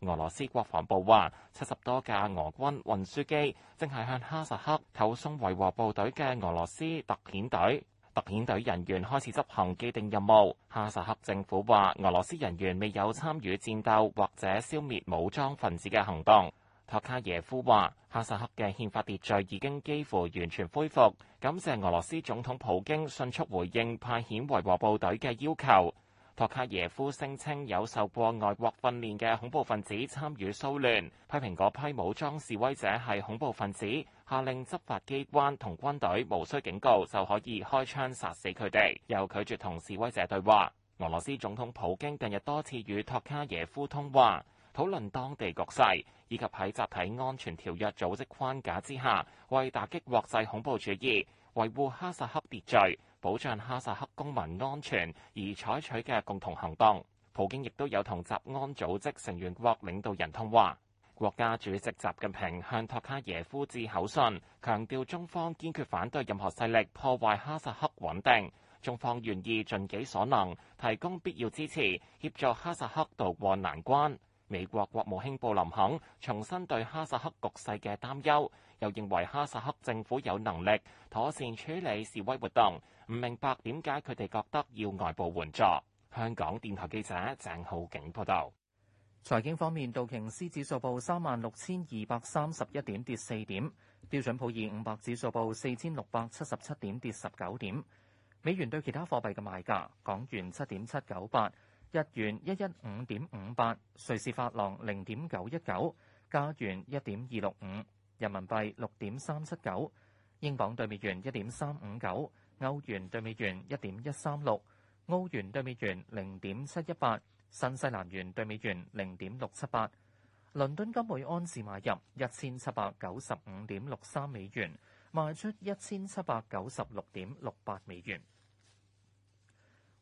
俄羅斯國防部話，七十多架俄軍運輸機正係向哈薩克投送維和部隊嘅俄羅斯特遣隊。特遣隊人員開始執行既定任務。哈薩克政府話，俄羅斯人員未有參與戰鬥或者消滅武裝分子嘅行動。托卡耶夫話，哈薩克嘅憲法秩序已經幾乎完全恢復，感謝俄羅斯總統普京迅速回應派遣維和部隊嘅要求。托卡耶夫聲稱有受過外國訓練嘅恐怖分子參與騷亂，批評嗰批武裝示威者係恐怖分子，下令執法機關同軍隊無需警告就可以開槍殺死佢哋，又拒絕同示威者對話。俄羅斯總統普京近日多次與托卡耶夫通話，討論當地局勢，以及喺集體安全條約組織框架之下，為打擊國際恐怖主義，維護哈薩克秩序，保障哈薩克公民安全而採取嘅共同行動，普京亦都有同集安組織成員國領導人通話。國家主席習近平向托卡耶夫致口信，強調中方堅決反對任何勢力破壞哈薩克穩定。中方願意盡己所能提供必要支持，協助哈薩克渡過難關。美國國務卿布林肯重申對哈薩克局勢嘅擔憂，又認為哈薩克政府有能力妥善處理示威活動。唔明白點解佢哋覺得要外部援助？香港電台記者鄭浩景報道。財經方面，道瓊斯指數報三萬六千二百三十一點，跌四點；標準普爾五百指數報四千六百七十七點，跌十九點。美元對其他貨幣嘅賣價：港元七點七九八，日元一一五點五八，瑞士法郎零點九一九，加元一點二六五，人民幣六點三七九，英鎊兌美元一點三五九。歐元對美元一點一三六，澳元對美元零點七一八，新西蘭元對美元零點六七八。倫敦金每安士買入一千七百九十五點六三美元，賣出一千七百九十六點六八美元。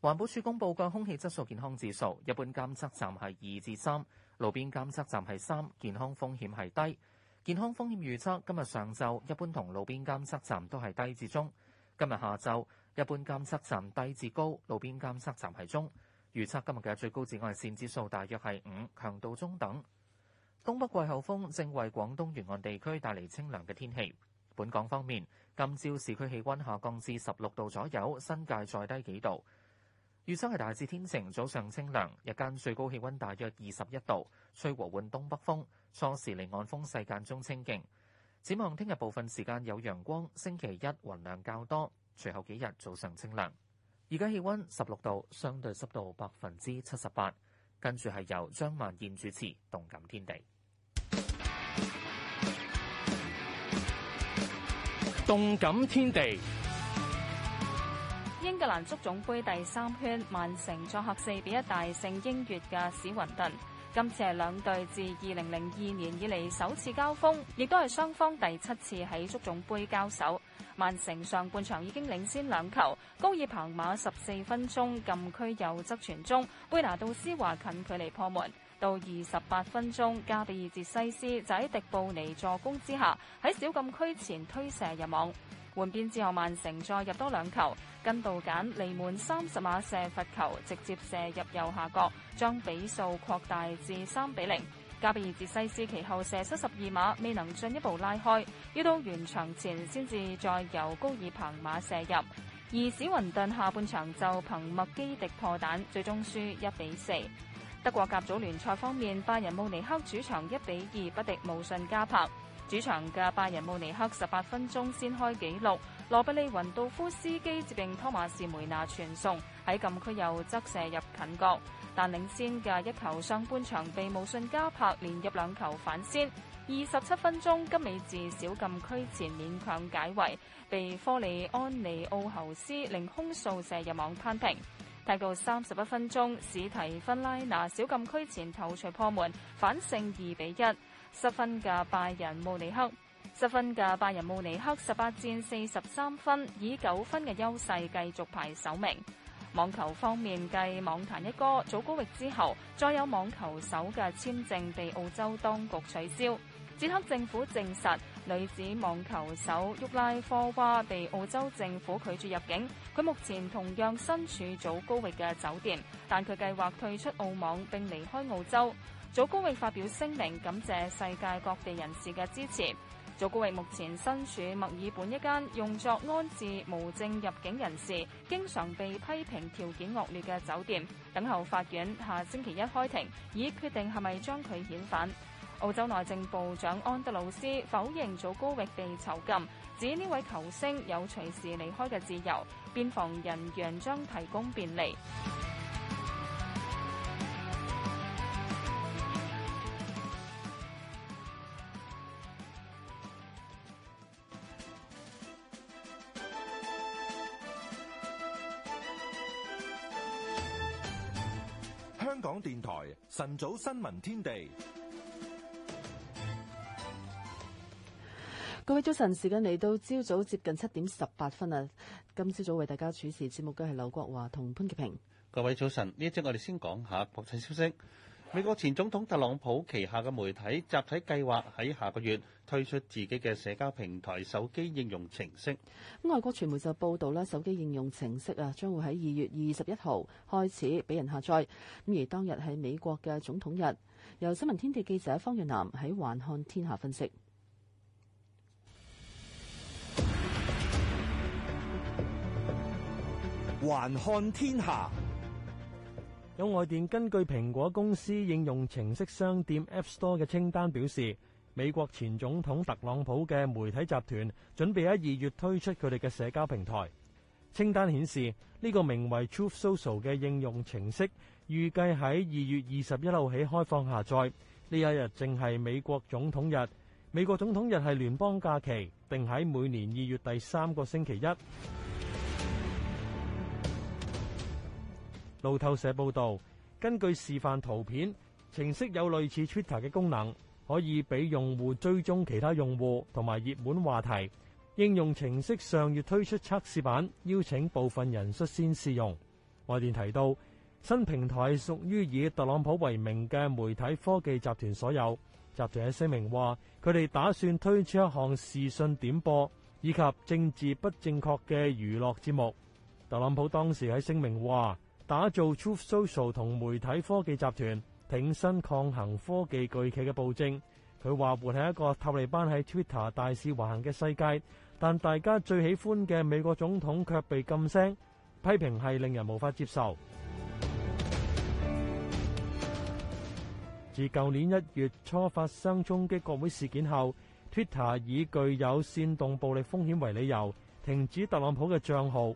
環保署公布嘅空氣質素健康指數，一般監測站係二至三，路邊監測站係三，健康風險係低。健康風險預測今日上晝一般同路邊監測站都係低至中。今日下晝，一般監測站低至高，路邊監測站係中。預測今日嘅最高紫外線指數大約係五，強度中等。東北季候風正為廣東沿岸地區帶嚟清涼嘅天氣。本港方面，今朝市區氣温下降至十六度左右，新界再低幾度。預測係大致天晴，早上清涼，日間最高氣温大約二十一度，吹和緩東北風，初時離岸風勢間中清勁。展望聽日部分時間有陽光，星期一雲量較多，隨後幾日早上清涼。而家氣温十六度，相對濕度百分之七十八。跟住係由張萬燕主持《動感天地》。《動感天地》英格蘭足總杯第三圈，曼城作客四比一大勝英乙嘅史雲頓。今次係兩隊自2002年以嚟首次交鋒，亦都係雙方第七次喺足總杯交手。曼城上半場已經領先兩球，高爾彭馬十四分鐘禁區右側傳中，貝拿杜斯華近距離破門。到二十八分鐘，加比爾捷西斯就喺迪布尼助攻之下，喺小禁區前推射入網。換邊之後，曼城再入多兩球。跟到簡，離滿三十碼射罰球，直接射入右下角，將比數擴大至三比零。加比爾哲西斯其後射七十二碼，未能進一步拉開，要到完場前先至再由高爾彭馬射入。而史雲頓下半場就憑麥基迪破蛋，最終輸一比四。德國甲組聯賽方面，拜仁慕尼黑主場一比二不敵慕遜加柏。主場嘅拜仁慕尼黑十八分鐘先開紀錄。羅伯利雲道夫斯基接應托馬士梅拿傳送，喺禁區右側射入近角，但領先嘅一球上半場被武順加柏連入兩球反先。二十七分鐘，金美治小禁區前勉強解圍，被科利安尼奧侯斯凌空掃射入網扳平。睇到三十一分鐘，史提芬拉拿小禁區前頭槌破門，反勝二比一，失分嘅拜仁慕尼克。七分嘅拜仁慕尼黑十八戰四十三分，以九分嘅優勢繼續排首名。網球方面，繼網壇一哥祖高域之後，再有網球手嘅簽證被澳洲當局取消。捷克政府證實，女子網球手沃拉科娃被澳洲政府拒絕入境。佢目前同樣身處祖高域嘅酒店，但佢計劃退出澳網並離開澳洲。祖高域發表聲明，感謝世界各地人士嘅支持。祖高域目前身處墨爾本一間用作安置無證入境人士、經常被批評條件惡劣嘅酒店，等候法院下星期一開庭，以決定係咪將佢遣返。澳洲內政部長安德魯斯否認祖高域被囚禁，指呢位球星有隨時離開嘅自由，邊防人員將提供便利。電台晨早新聞天地，各位早晨，時間嚟到朝早接近七點十八分啦。今朝早為大家主持節目嘅係劉國華同潘潔平。各位早晨，呢一節我哋先講下國際消息。美國前總統特朗普旗下嘅媒體集體計劃喺下個月推出自己嘅社交平台手機應用程式。外國傳媒就報道啦，手機應用程式啊將會喺二月二十一號開始俾人下載。咁而當日係美國嘅總統日，由新聞天地記者方若南喺《環看天下》分析，《環看天下》。有外電根據蘋果公司應用程式商店 App Store 嘅清單表示，美國前總統特朗普嘅媒體集團準備喺二月推出佢哋嘅社交平台。清單顯示，呢個名為 Truth Social 嘅應用程式預計喺二月二十一號起開放下載，呢一日正係美國總統日。美國總統日係聯邦假期，定喺每年二月第三個星期一。路透社報道，根據示範圖片，程式有類似 Twitter 嘅功能，可以俾用戶追蹤其他用戶同埋熱門話題。應用程式上月推出測試版，邀請部分人率先試用。外電提到，新平台屬於以特朗普為名嘅媒體科技集團所有。集團喺聲明話，佢哋打算推出一項視訊點播以及政治不正確嘅娛樂節目。特朗普當時喺聲明話。打造 Truth Social 同媒體科技集團挺身抗衡科技巨企嘅暴政，佢話活喺一個塔利班喺 Twitter 大肆橫行嘅世界，但大家最喜歡嘅美國總統卻被禁聲，批評係令人無法接受。 自舊年一月初發生衝擊國會事件後，Twitter 以具有煽動暴力風險為理由，停止特朗普嘅賬號。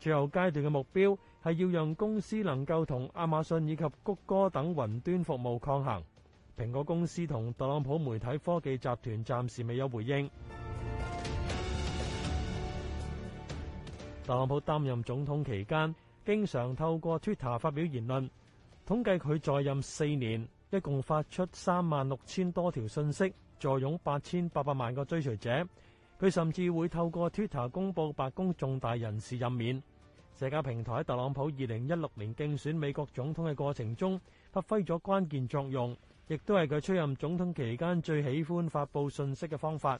最後階段嘅目標係要讓公司能夠同亞馬遜以及谷歌等雲端服務抗衡。蘋果公司同特朗普媒體科技集團暫時未有回應。特朗普擔任總統期間，經常透過 Twitter 發表言論。統計佢在任四年，一共發出三萬六千多條信息，坐擁八千八百萬個追隨者。佢甚至會透過 Twitter 公佈白宮重大人事任免。社交平台喺特朗普2016年競選美國總統嘅過程中，發揮咗關鍵作用，亦都係佢出任總統期間最喜歡發布信息嘅方法。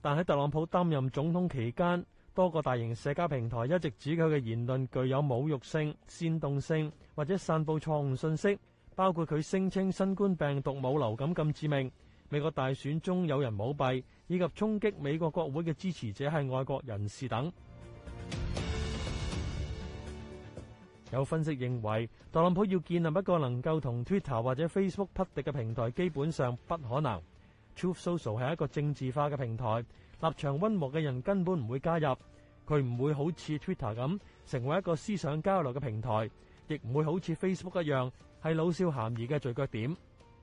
但喺特朗普擔任總統期間，多個大型社交平台一直指佢嘅言論具有侮辱性、煽動性或者散布錯誤信息，包括佢聲稱新冠病毒冇流感咁致命。美國大選中有人舞弊，以及衝擊美國國會嘅支持者係外國人士等。有分析認為，特朗普要建立一個能夠同 Twitter 或者 Facebook 匹敵嘅平台，基本上不可能。Truth Social 係一個政治化嘅平台，立場温和嘅人根本唔會加入。佢唔會好似 Twitter 咁成為一個思想交流嘅平台，亦唔會好似 Facebook 一樣，係老少咸宜嘅聚腳點。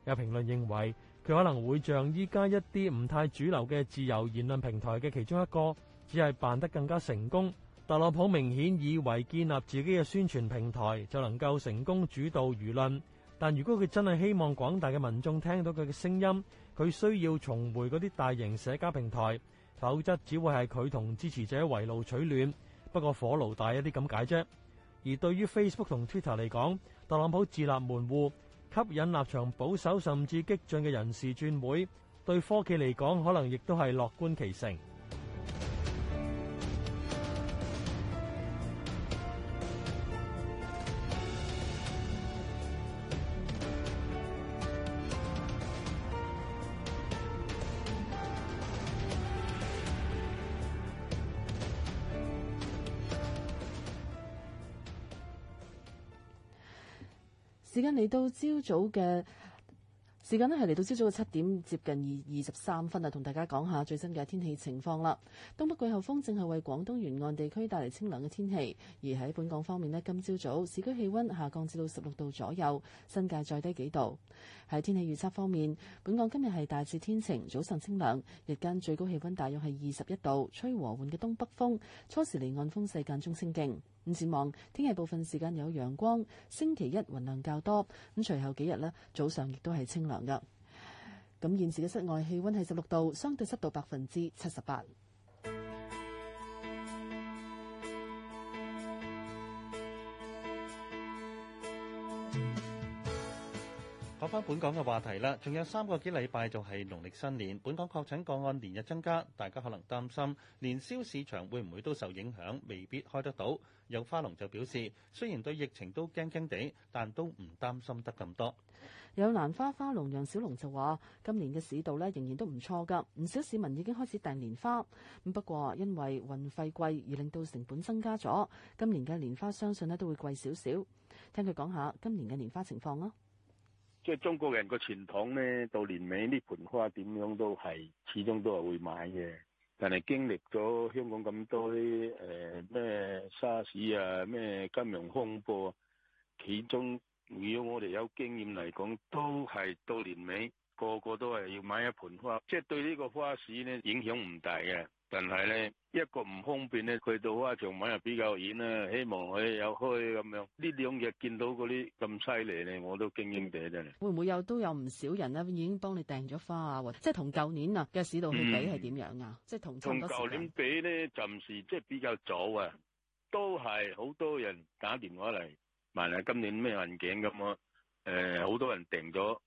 有評論認為，佢可能會像依家一啲唔太主流嘅自由言論平台嘅其中一個，只係辦得更加成功。特朗普明顯以為建立自己嘅宣傳平台就能夠成功主導輿論，但如果佢真係希望廣大嘅民眾聽到佢嘅聲音，佢需要重回嗰啲大型社交平台，否則只會係佢同支持者圍爐取暖。不過火爐大一啲咁解啫。而對於 Facebook 同 Twitter 嚟講，特朗普自立門戶。吸引立場保守甚至激進嘅人士轉會，對科技嚟講可能亦都係樂觀其成。時間嚟到朝早嘅時間咧，係嚟到朝早嘅七點，接近二二十三分啊，同大家講下最新嘅天氣情況啦。東北季候風正係為廣東沿岸地區帶嚟清涼嘅天氣，而喺本港方面咧，今朝早市區氣溫下降至到十六度左右，新界再低幾度。喺天氣預測方面，本港今日係大致天晴，早上清涼，日間最高氣溫大約係二十一度，吹和緩嘅東北風，初時離岸風勢間中升勁，唔展望，天氣部分時間有陽光，星期一雲量較多，咁隨後幾日咧，早上亦都係清涼噶。咁現時嘅室外氣溫係十六度，相對濕度百分之七十八。講翻本港嘅話題啦，仲有三個幾禮拜就係農曆新年。本港確診個案連日增加，大家可能擔心年宵市場會唔會都受影響，未必開得到。有花農就表示，雖然對疫情都驚驚地，但都唔擔心得咁多。有蘭花花農楊小龍就話：今年嘅市道呢仍然都唔錯㗎，唔少市民已經開始訂年花咁。不過因為運費貴而令到成本增加咗，今年嘅年花相信呢都會貴少少。聽佢講下今年嘅年花情況啦。即係中國人個傳統呢，到年尾呢盆花點樣都係始終都係會買嘅。但係經歷咗香港咁多啲誒咩沙士啊、咩金融風波，其中如果我哋有經驗嚟講，都係到年尾個個都係要買一盆花，即係對呢個花市呢影響唔大嘅。但係咧，一個唔方便咧，佢到花場買又比較遠啦。希望佢有開咁樣。呢兩日見到嗰啲咁犀利咧，我都驚驚哋真係。會唔會有都有唔少人咧，已經幫你訂咗花啊？即係同舊年啊嘅市道去比係點樣啊？即係同同舊年比咧，暫時即係比較早啊，都係好多人打電話嚟問下今年咩環境咁啊？誒，好多人訂咗。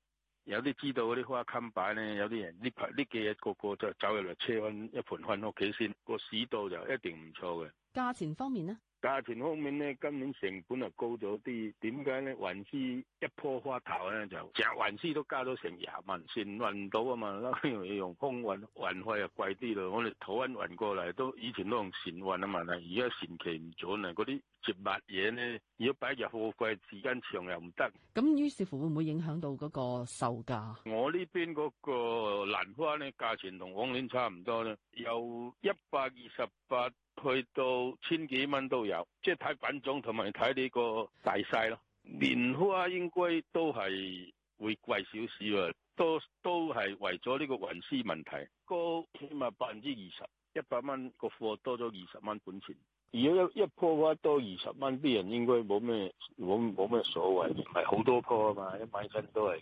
有啲知道嗰啲花襟擺咧，有啲人呢排呢幾日個個就走入嚟車運一盤返屋企先，個市道就一定唔錯嘅。價錢方面呢？價錢方面咧，今年成本就高咗啲。點解咧？運輸一樖花頭咧，就隻運輸都加咗成廿萬，船運唔到啊嘛，用用空運運費又貴啲咯。我哋土運運過嚟都以前都用船運啊嘛，但係而家船期唔準啊，嗰啲。植物嘢咧，如果擺入貨櫃時間長又唔得。咁於是乎會唔會影響到嗰個售價？我呢邊嗰個蘭花咧，價錢同往年差唔多咧，由一百二十八去到千幾蚊都有，即係睇品種同埋睇你個大細咯。年花應該都係會貴少少啊，都都係為咗呢個運輸問題，高起碼百分之二十，一百蚊個貨多咗二十蚊本錢。如果一一樖嘅話多二十蚊，啲人應該冇咩冇冇咩所謂，唔係好多樖吖嘛，一買親都係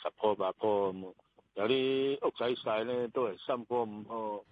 十樖八樖，有啲屋仔細咧都係三樖五樖。.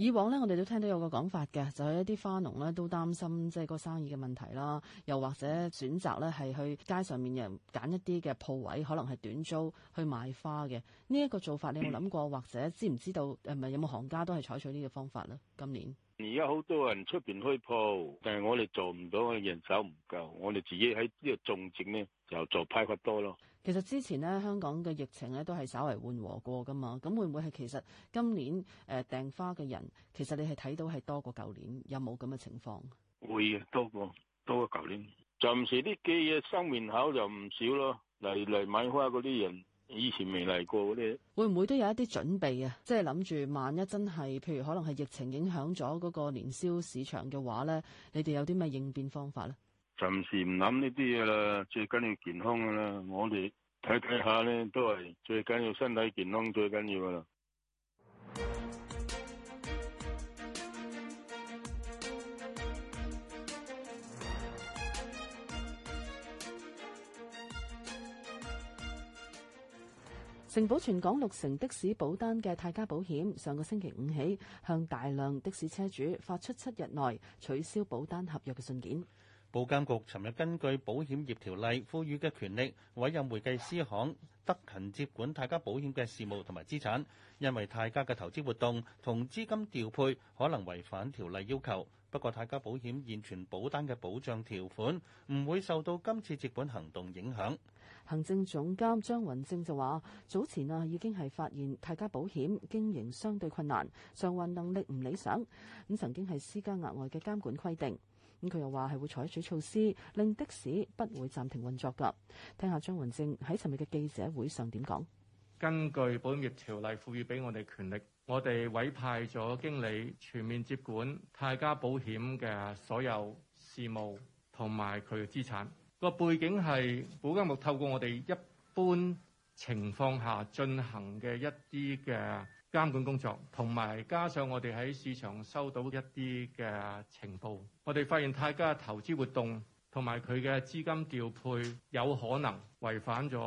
以往咧，我哋都聽到有個講法嘅，就係、是、一啲花農咧都擔心即係、就是、個生意嘅問題啦，又或者選擇咧係去街上面人揀一啲嘅鋪位，可能係短租去賣花嘅。呢、這、一個做法，你有冇諗過，嗯、或者知唔知道誒？係咪有冇行家都係採取呢個方法咧？今年而家好多人出邊開鋪，但係我哋做唔到，人手唔夠，我哋自己喺呢個種植咧，就做批發多咯。其實之前咧，香港嘅疫情咧都係稍為緩和過噶嘛，咁會唔會係其實今年誒、呃、訂花嘅人，其實你係睇到係多過舊年，有冇咁嘅情況？會呀，多過多過舊年，暫時啲寄嘢生面口就唔少咯，嚟嚟買花嗰啲人，以前未嚟過嗰啲，會唔會都有一啲準備啊？即係諗住萬一真係，譬如可能係疫情影響咗嗰個年宵市場嘅話咧，你哋有啲咩應變方法咧？暫時唔諗呢啲嘢啦，最緊要健康啦。我哋睇睇下咧，都係最緊要身體健康最，最緊要啦。承保全港六成的士保單嘅泰加保險，上個星期五起向大量的士車主發出七日內取消保單合約嘅信件。保監局尋日根據保險業條例，賦予嘅權力委任會計師行德勤接管泰家保險嘅事務同埋資產，因為泰家嘅投資活動同資金調配可能違反條例要求。不過，泰家保險現存保單嘅保障條款唔會受到今次接管行動影響。行政總監張雲正就話：早前啊已經係發現泰家保險經營相對困難，償還能力唔理想，咁曾經係施加額外嘅監管規定。咁佢又話係會採取措施，令的士不會暫停運作㗎。聽下張雲正喺尋日嘅記者會上點講。根據保險業條例賦予俾我哋權力，我哋委派咗經理全面接管泰嘉保險嘅所有事務同埋佢嘅資產。個背景係保監局透過我哋一般情況下進行嘅一啲嘅監管工作，同埋加上我哋喺市場收到一啲嘅情報，我哋發現泰嘉投資活動同埋佢嘅資金調配有可能違反咗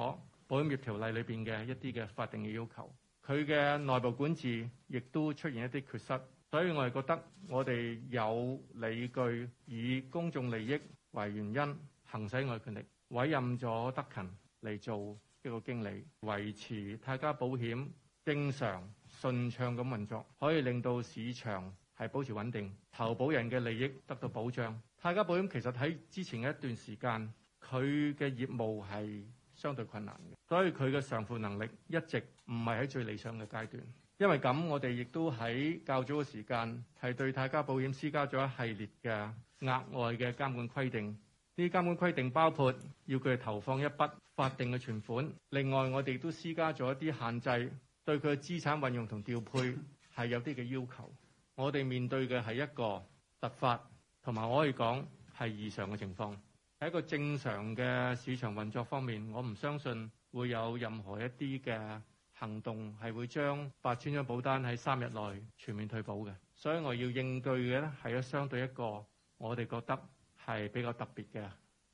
保險業條例裏面嘅一啲嘅法定嘅要求。佢嘅內部管治亦都出現一啲缺失，所以我哋覺得我哋有理據以公眾利益為原因，行使我嘅權力委任咗德勤嚟做一個經理，維持泰嘉保險正常順暢咁運作，可以令到市場係保持穩定，投保人嘅利益得到保障。泰嘉保險其實喺之前嘅一段時間，佢嘅業務係相對困難嘅，所以佢嘅償付能力一直唔係喺最理想嘅階段。因為咁，我哋亦都喺較早嘅時間係對泰嘉保險施加咗一系列嘅額外嘅監管規定。呢啲監管規定包括要佢哋投放一筆法定嘅存款，另外我哋亦都施加咗一啲限制。對佢嘅資產運用同調配係有啲嘅要求。我哋面對嘅係一個突發，同埋我可以講係異常嘅情況。喺一個正常嘅市場運作方面，我唔相信會有任何一啲嘅行動係會將八千張保單喺三日內全面退保嘅。所以我要應對嘅咧係一相對一個我哋覺得係比較特別嘅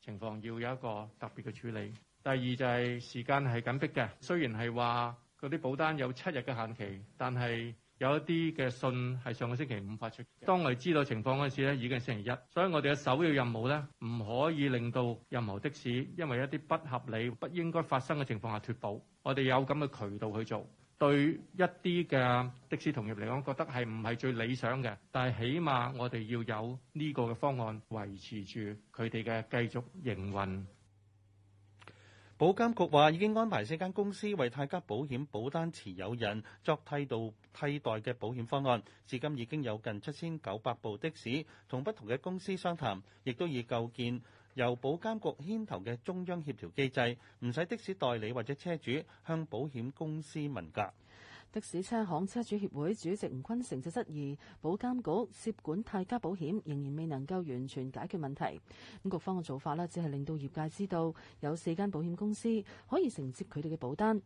情況，要有一個特別嘅處理。第二就係時間係緊迫嘅，雖然係話，嗰啲保單有七日嘅限期，但係有一啲嘅信係上個星期五發出嘅。當我哋知道情況嗰陣時咧，已經係星期一，所以我哋嘅首要任務咧，唔可以令到任何的士因為一啲不合理、不應該發生嘅情況下脫保。我哋有咁嘅渠道去做，對一啲嘅的士同業嚟講，覺得係唔係最理想嘅，但係起碼我哋要有呢個嘅方案維持住佢哋嘅繼續營運。保監局話已經安排四間公司為泰加保險保單持有人作替代替代嘅保險方案，至今已經有近七千九百部的士同不同嘅公司商談，亦都已構建由保監局牽頭嘅中央協調機制，唔使的士代理或者車主向保險公司問價。的士車行車主協會主席吳坤成就質疑保監，保監局涉管泰加保險仍然未能夠完全解決問題。咁局方嘅做法呢，只係令到業界知道有四間保險公司可以承接佢哋嘅保單。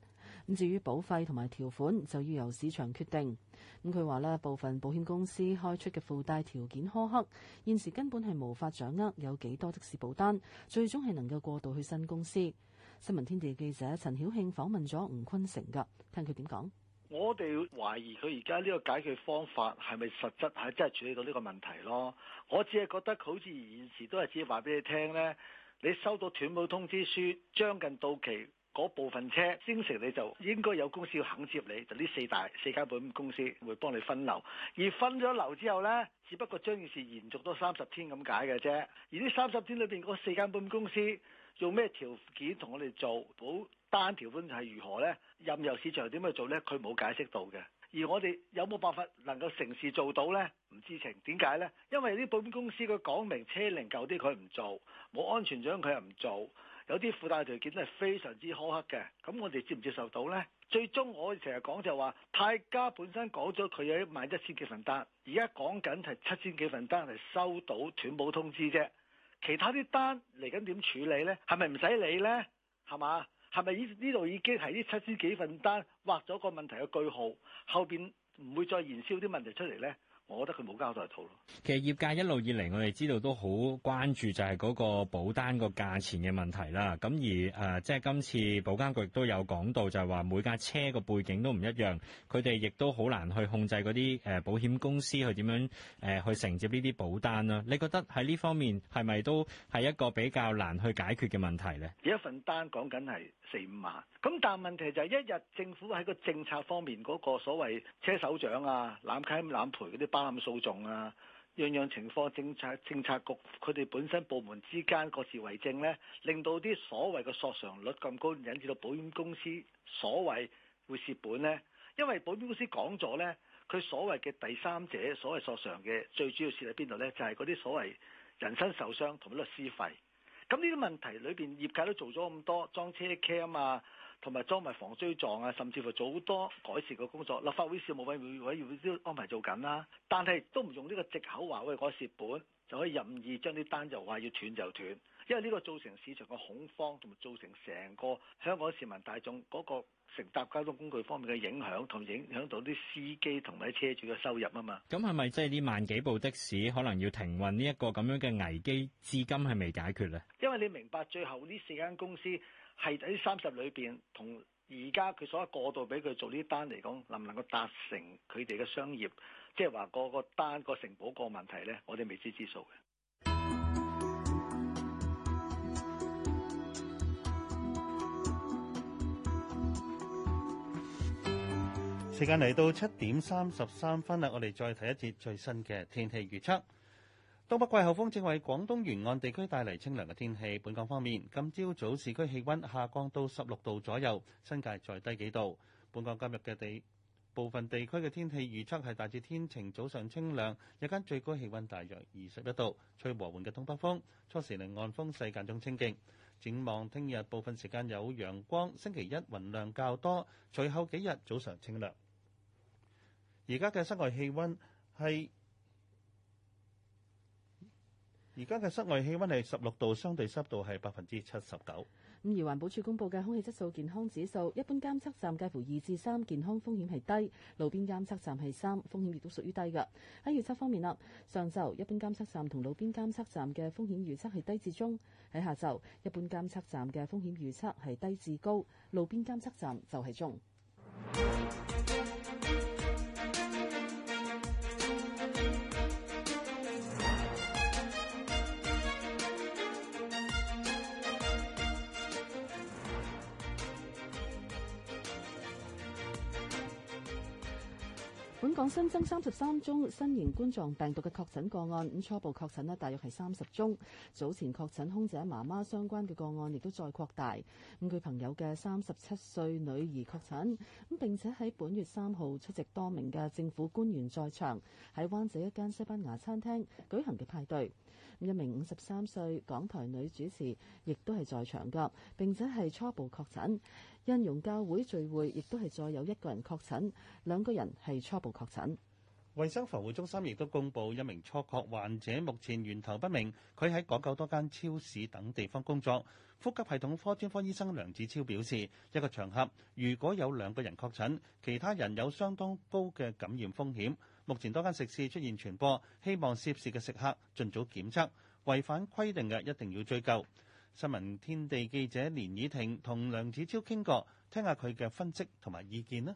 咁至於保費同埋條款，就要由市場決定。咁佢話呢，部分保險公司開出嘅附帶條件苛刻，現時根本係無法掌握有幾多的士保單，最終係能夠過渡去新公司。新聞天地記者陳曉慶訪問咗吳坤成噶，聽佢點講。我哋懷疑佢而家呢個解決方法係咪實質係真係處理到呢個問題咯？我只係覺得好似現時都係只係話俾你聽呢，你收到斷保通知書，將近到期嗰部分車，應承你就應該有公司要肯接你，就呢四大四間保險公司會幫你分流。而分咗流之後呢，只不過將件事延續多三十天咁解嘅啫。而呢三十天裏邊嗰四間保險公司用咩條件同我哋做保？單條款係如何呢？任由市場點去做呢？佢冇解釋到嘅。而我哋有冇辦法能夠成事做到呢？唔知情點解呢？因為啲保險公司佢講明車齡舊啲佢唔做，冇安全獎佢又唔做，有啲附帶條件都係非常之苛刻嘅。咁我哋接唔接受到呢？最終我哋成日講就話、是、泰加本身講咗佢有一萬一千幾份單，而家講緊係七千幾份單係收到斷保通知啫。其他啲單嚟緊點處理呢？係咪唔使理呢？係嘛？係咪，呢呢度已經係呢七千幾份單畫咗個問題嘅句號，後面唔會再燃燒啲問題出嚟咧？我覺得佢冇交代套咯。其實業界一路以嚟，我哋知道都好關注就係嗰個保單個價錢嘅問題啦。咁而誒、呃，即係今次保監局都有講到，就係話每架車個背景都唔一樣，佢哋亦都好難去控制嗰啲保險公司去點樣、呃、去承接呢啲保單啦。你覺得喺呢方面係咪都係一個比較難去解決嘅問題咧？一份單講緊係四五萬，咁但係問題就係一日政府喺個政策方面嗰個所謂車手掌啊、攬契攬賠嗰啲。包含訴訟啊，樣樣情況，政策政策局佢哋本身部門之間各自為政呢，令到啲所謂嘅索償率咁高，引致到保險公司所謂會蝕本呢。因為保險公司講咗呢，佢所謂嘅第三者所謂索償嘅最主要蝕喺邊度呢？就係嗰啲所謂人身受傷同律師費。咁呢啲問題裏邊，業界都做咗咁多裝車 cam 啊。同埋裝埋防追撞啊，甚至乎做好多改善嘅工作。立法會事務委員會委員會都安排做緊，啊，啦，但係都唔用呢個藉口話喂嗰個蝕本就可以任意將啲單就話要斷就斷，因為呢個造成市場嘅恐慌，同埋造成成個香港市民大眾嗰個乘搭交通工具方面嘅影響，同影響到啲司機同埋車主嘅收入啊嘛。咁係咪即係呢萬幾部的士可能要停運呢一個咁樣嘅危機，至今係未解決呢？因為你明白最後呢四間公司。係喺三十裏邊，同而家佢所有過度俾佢做呢單嚟講，能唔能夠達成佢哋嘅商業，即係話個個單個承保個問題咧，我哋未知之數嘅。時間嚟到七點三十三分啦，我哋再睇一節最新嘅天氣預測。東北季候風正為廣東沿岸地區帶嚟清涼嘅天氣。本港方面，今朝早市區氣溫下降到十六度左右，新界再低幾度。本港今日嘅地部分地區嘅天氣預測係大致天晴，早上清涼，日間最高氣溫大約二十一度，吹和緩嘅東北風，初時離岸風勢間中清勁。展望聽日部分時間有陽光，星期一雲量較多，隨後幾日早上清涼。而家嘅室外氣溫係。而家嘅室外氣溫係十六度，相對濕度係百分之七十九。咁而環保署公布嘅空氣質素健康指數，一般監測站介乎二至三，健康風險係低；路邊監測站係三，風險亦都屬於低嘅。喺預測方面啦，上晝一般監測站同路邊監測站嘅風險預測係低至中；喺下晝一般監測站嘅風險預測係低至高，路邊監測站就係中。新增三十三宗新型冠狀病毒嘅確診個案，咁初步確診咧，大約係三十宗。早前確診空姐媽媽相關嘅個案亦都再擴大，咁佢朋友嘅三十七歲女兒確診。咁並且喺本月三號出席多名嘅政府官員在場，喺灣仔一間西班牙餐廳舉行嘅派對。一名五十三歲港台女主持亦都係在場噶，並且係初步確診。因容教會聚會亦都係再有一個人確診，兩個人係初步確診。衛生防護中心亦都公布一名初確患者，目前源頭不明。佢喺港九多間超市等地方工作。呼吸系統科專科醫生梁子超表示，一個場合如果有兩個人確診，其他人有相當高嘅感染風險。目前多間食肆出現傳播，希望涉事嘅食客盡早檢測，違反規定嘅一定要追究。新聞天地記者連以婷同梁子超傾過，聽下佢嘅分析同埋意見啦。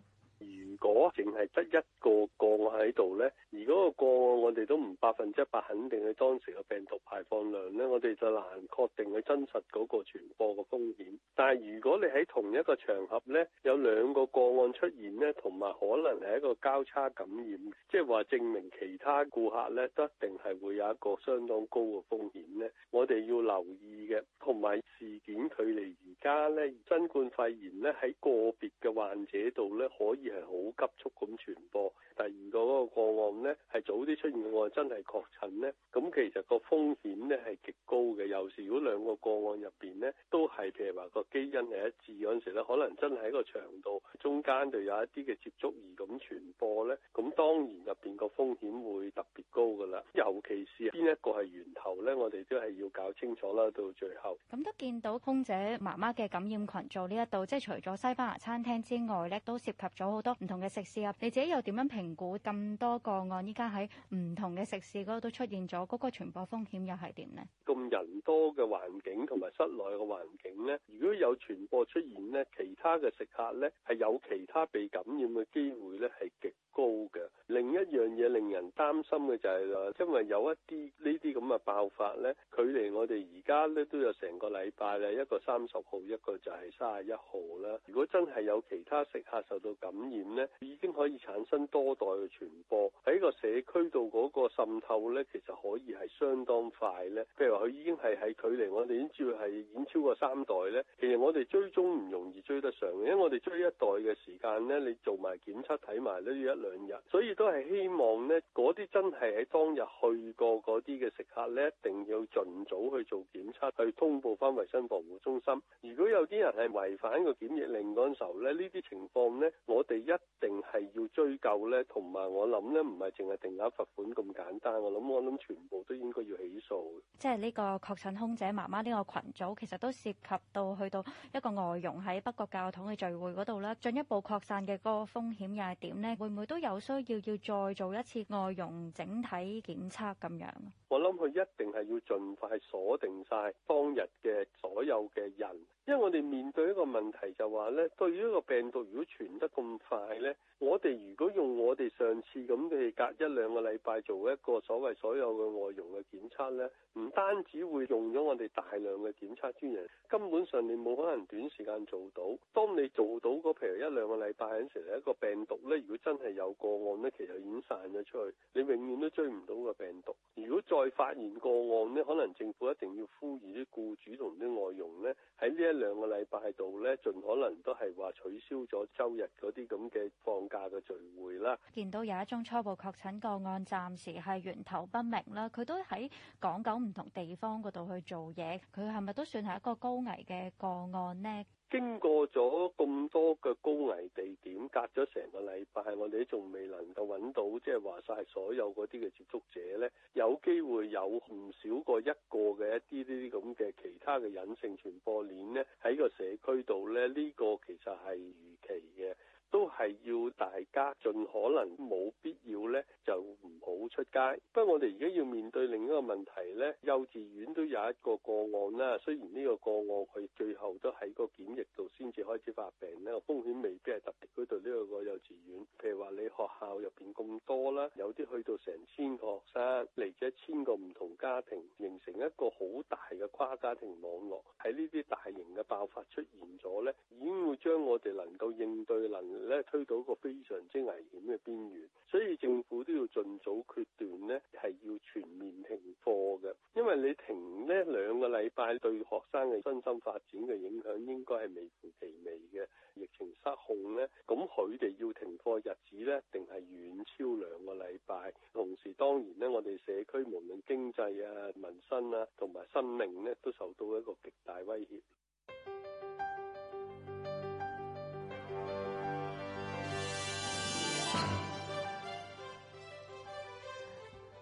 如果淨係得一個個案喺度咧，而嗰個個案我哋都唔百分之一百肯定佢當時嘅病毒排放量咧，我哋就難確定佢真實嗰個傳播嘅風險。但係如果你喺同一個場合咧，有兩個個案出現咧，同埋可能係一個交叉感染，即係話證明其他顧客咧，都一定係會有一個相當高嘅風險咧。我哋要留意嘅，同埋事件距離而家咧新冠肺炎咧喺個別嘅患者度咧可以係好，好急速咁傳播。第二個嗰個個案呢，係早啲出現個案，真係確診呢。咁其實個風險呢係極高嘅。尤其是如果兩個個案入邊呢，都係譬如話個基因係一致嗰陣時咧，可能真係喺個場度中間就有一啲嘅接觸而咁傳播呢。咁當然入邊個風險會特別高㗎啦。尤其是邊一個係源頭呢，我哋都係要搞清楚啦。到最後，咁都見到空姐媽媽嘅感染群組呢一度，即係除咗西，嗯、西班牙餐廳之外呢，都涉及咗好多唔同。嘅食肆啊，你自己又點樣評估咁多個案？依家喺唔同嘅食肆嗰度都出現咗，嗰個傳播風險又係點呢？咁人多嘅環境同埋室內嘅環境呢，如果有傳播出現呢，其他嘅食客呢，係有其他被感染嘅機會呢，係極高嘅。另一樣嘢令人擔心嘅就係話，因為有一啲呢啲咁嘅爆發呢，距離我哋而家咧都有成個禮拜啦，一個三十號，一個就係三十一號啦。如果真係有其他食客受到感染呢。已經可以產生多代嘅傳播喺個社區度，嗰個滲透呢，其實可以係相當快呢。譬如話佢已經係喺距離我哋已經係遠超過三代呢。其實我哋追蹤唔容易追得上嘅，因為我哋追一代嘅時間呢，你做埋檢測睇埋呢一兩日，所以都係希望呢嗰啲真係喺當日去過嗰啲嘅食客呢，一定要盡早去做檢測，去通報翻衞生防護中心。如果有啲人係違反個檢疫令嗰陣時候呢，呢啲情況呢，我哋一定係要追究呢。同埋我諗呢，唔係淨係定額罰款咁簡單。我諗我諗全部都應該要起訴。即係呢個確診空姐媽媽呢個群組，其實都涉及到去到一個外傭喺北角教堂嘅聚會嗰度啦，進一步擴散嘅嗰個風險又係點呢？會唔會都有需要要再做一次外傭整體檢測咁樣？我諗佢一定係要盡快鎖定晒當日嘅所有嘅人，因為我哋面對一個問題就話呢：對於一個病毒如果傳得咁快呢，我哋如果用我哋上次咁嘅隔一兩個禮拜做一個所謂所有嘅外傭嘅檢測呢，唔單止會用咗我哋大量嘅檢測專人，根本上你冇可能短時間做到。當你做到嗰譬如一兩個禮拜嗰陣時，一個病毒呢，如果真係有個案呢，其實已經散咗出去，你永遠都追唔到個病毒。如果再再發現個案呢，可能政府一定要呼籲啲僱主同啲外傭呢，喺呢一兩個禮拜度呢，盡可能都係話取消咗周日嗰啲咁嘅放假嘅聚會啦。見到有一宗初步確診個案，暫時係源頭不明啦。佢都喺港九唔同地方嗰度去做嘢，佢係咪都算係一個高危嘅個案呢？經過咗咁多嘅高危地點，隔咗成個禮拜，我哋仲未能夠揾到，即係話晒所有嗰啲嘅接觸者咧，有機會有唔少過一個嘅一啲呢啲咁嘅其他嘅隱性傳播鏈咧，喺個社區度咧，呢個其實係預期嘅。都係要大家盡可能冇必要咧，就唔好出街。不過我哋而家要面對另一個問題咧，幼稚園都有一個個案啦。雖然呢個個案佢最後都喺個檢疫度先至開始發病咧，個風險未必係特別嗰度呢個幼稚園，譬如話，你學校入邊咁多啦，有啲去到成千個學生嚟自一千個唔同家庭，形成一個好大嘅跨家庭網絡，喺呢啲大型嘅爆發出現咗咧，已經會將我哋能夠應對能力。咧推到一個非常之危險嘅邊緣，所以政府都要盡早決斷呢，係要全面停課嘅。因為你停呢兩個禮拜，對學生嘅身心發展嘅影響應該係微乎其微嘅。疫情失控呢，咁佢哋要停課日子呢，定係遠超兩個禮拜？同時當然呢，我哋社區無論經濟啊、民生啊同埋生命呢，都受到一個極大威脅。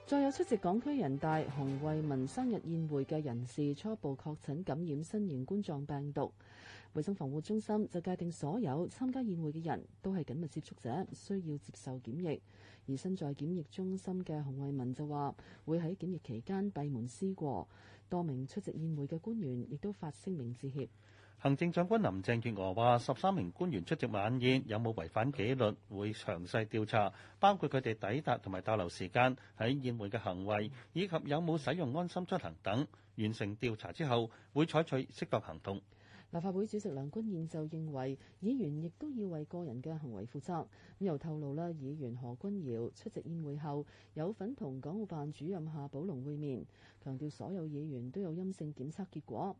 再有出席港區人大洪為民生日宴會嘅人士初步確診感染新型冠狀病毒，衛生防護中心就界定所有參加宴會嘅人都係緊密接觸者，需要接受檢疫。而身在檢疫中心嘅洪為民就話會喺檢疫期間閉門思過，多名出席宴會嘅官員亦都發聲明致歉。行政長官林鄭月娥話：十三名官員出席晚宴有冇違反紀律，會詳細調查，包括佢哋抵達同埋逗留時間、喺宴會嘅行為以及有冇使用安心出行等。完成調查之後，會採取適當行動。立法會主席梁君彥就認為，議員亦都要為個人嘅行為負責。咁又透露啦，議員何君堯出席宴會後，有份同港澳辦主任夏寶龍會面，強調所有議員都有陰性檢測結果。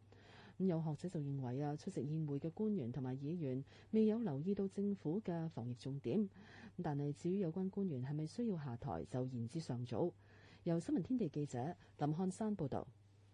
咁有學者就認為啊，出席宴會嘅官員同埋議員未有留意到政府嘅防疫重點。但係至於有關官員係咪需要下台，就言之尚早。由新聞天地記者林漢山報導。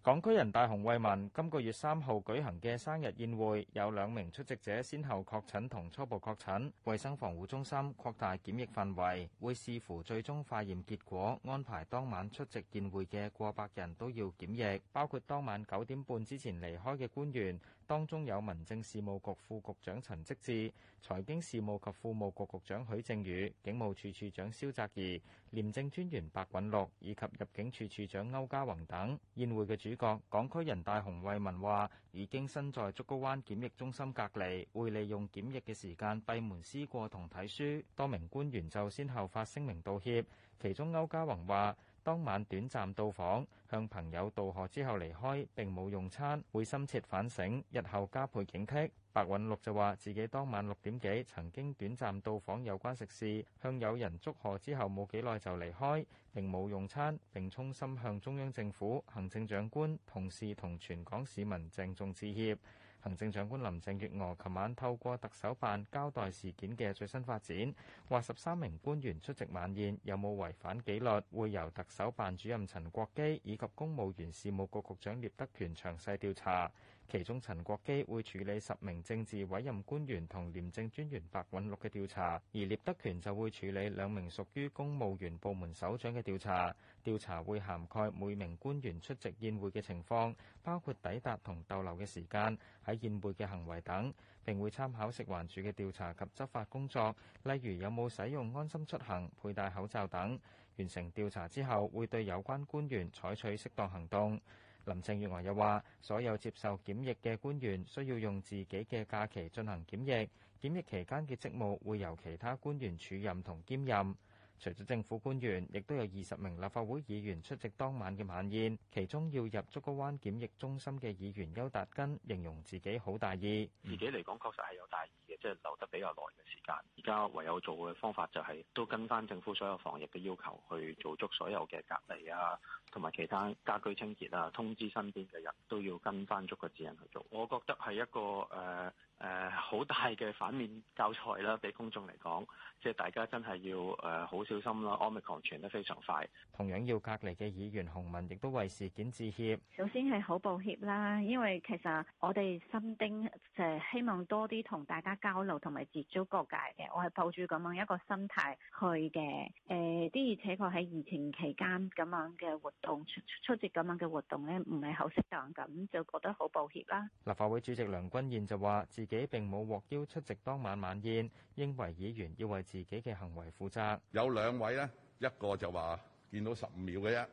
港區人大洪為民今個月三號舉行嘅生日宴會，有兩名出席者先後確診同初步確診，衛生防護中心擴大檢疫範圍，會視乎最終化驗結果，安排當晚出席宴會嘅過百人都要檢疫，包括當晚九點半之前離開嘅官員。當中有民政事務局副局長陳積志、財經事務及副務局局長許正宇、警務處處長蕭澤頤、廉政專員白韞六以及入境處處長區嘉宏等。宴會嘅主角港區人大洪為民話：已經身在竹篙灣檢疫中心隔離，會利用檢疫嘅時間閉門思過同睇書。多名官員就先後發聲明道歉，其中區嘉宏話：當晚短暫到訪。向朋友道賀之後離開，並冇用餐，會深切反省，日後加倍警惕。白韞六就話自己當晚六點幾曾經短暫到訪有關食肆，向友人祝賀之後冇幾耐就離開，並冇用餐，並衷心向中央政府、行政長官、同事同全港市民鄭重致歉。行政長官林鄭月娥琴晚透過特首辦交代事件嘅最新發展，話十三名官員出席晚宴有冇違反紀律，會由特首辦主任陳國基以及公務員事務局局,局長聶德權詳細調查。其中陳國基會處理十名政治委任官員同廉政專員白韞六嘅調查，而聶德權就會處理兩名屬於公務員部門首長嘅調查。調查會涵蓋每名官員出席宴會嘅情況，包括抵達同逗留嘅時間、喺宴會嘅行為等，並會參考食環署嘅調查及執法工作，例如有冇使用安心出行、佩戴口罩等。完成調查之後，會對有關官員採取適當行動。林鄭月娥又話：所有接受檢疫嘅官員需要用自己嘅假期進行檢疫，檢疫期間嘅職務會由其他官員署任同兼任。除咗政府官員，亦都有二十名立法會議員出席當晚嘅晚宴。其中要入竹篙灣檢疫中心嘅議員邱達根形容自己好大意，自己嚟講確實係有大意。即係留得比較耐嘅時間，而家唯有做嘅方法就係都跟翻政府所有防疫嘅要求去做足所有嘅隔離啊，同埋其他家居清潔啊，通知身邊嘅人都要跟翻足個指引去做。我覺得係一個誒。呃誒好大嘅反面教材啦，俾公眾嚟講，即係大家真係要誒好小心啦。Omicron 傳得非常快，同樣要隔離嘅議員洪文亦都為事件致歉。首先係好抱歉啦，因為其實我哋心丁就係希望多啲同大家交流同埋接觸各界嘅，我係抱住咁樣一個心態去嘅。誒啲而且佢喺疫情期間咁樣嘅活動出出席咁樣嘅活動咧，唔係好適當咁，就覺得好抱歉啦。立法會主席梁君彥就話自己並冇獲邀出席當晚晚宴，認為議員要為自己嘅行為負責。有兩位咧，一個就話見到十五秒嘅啫，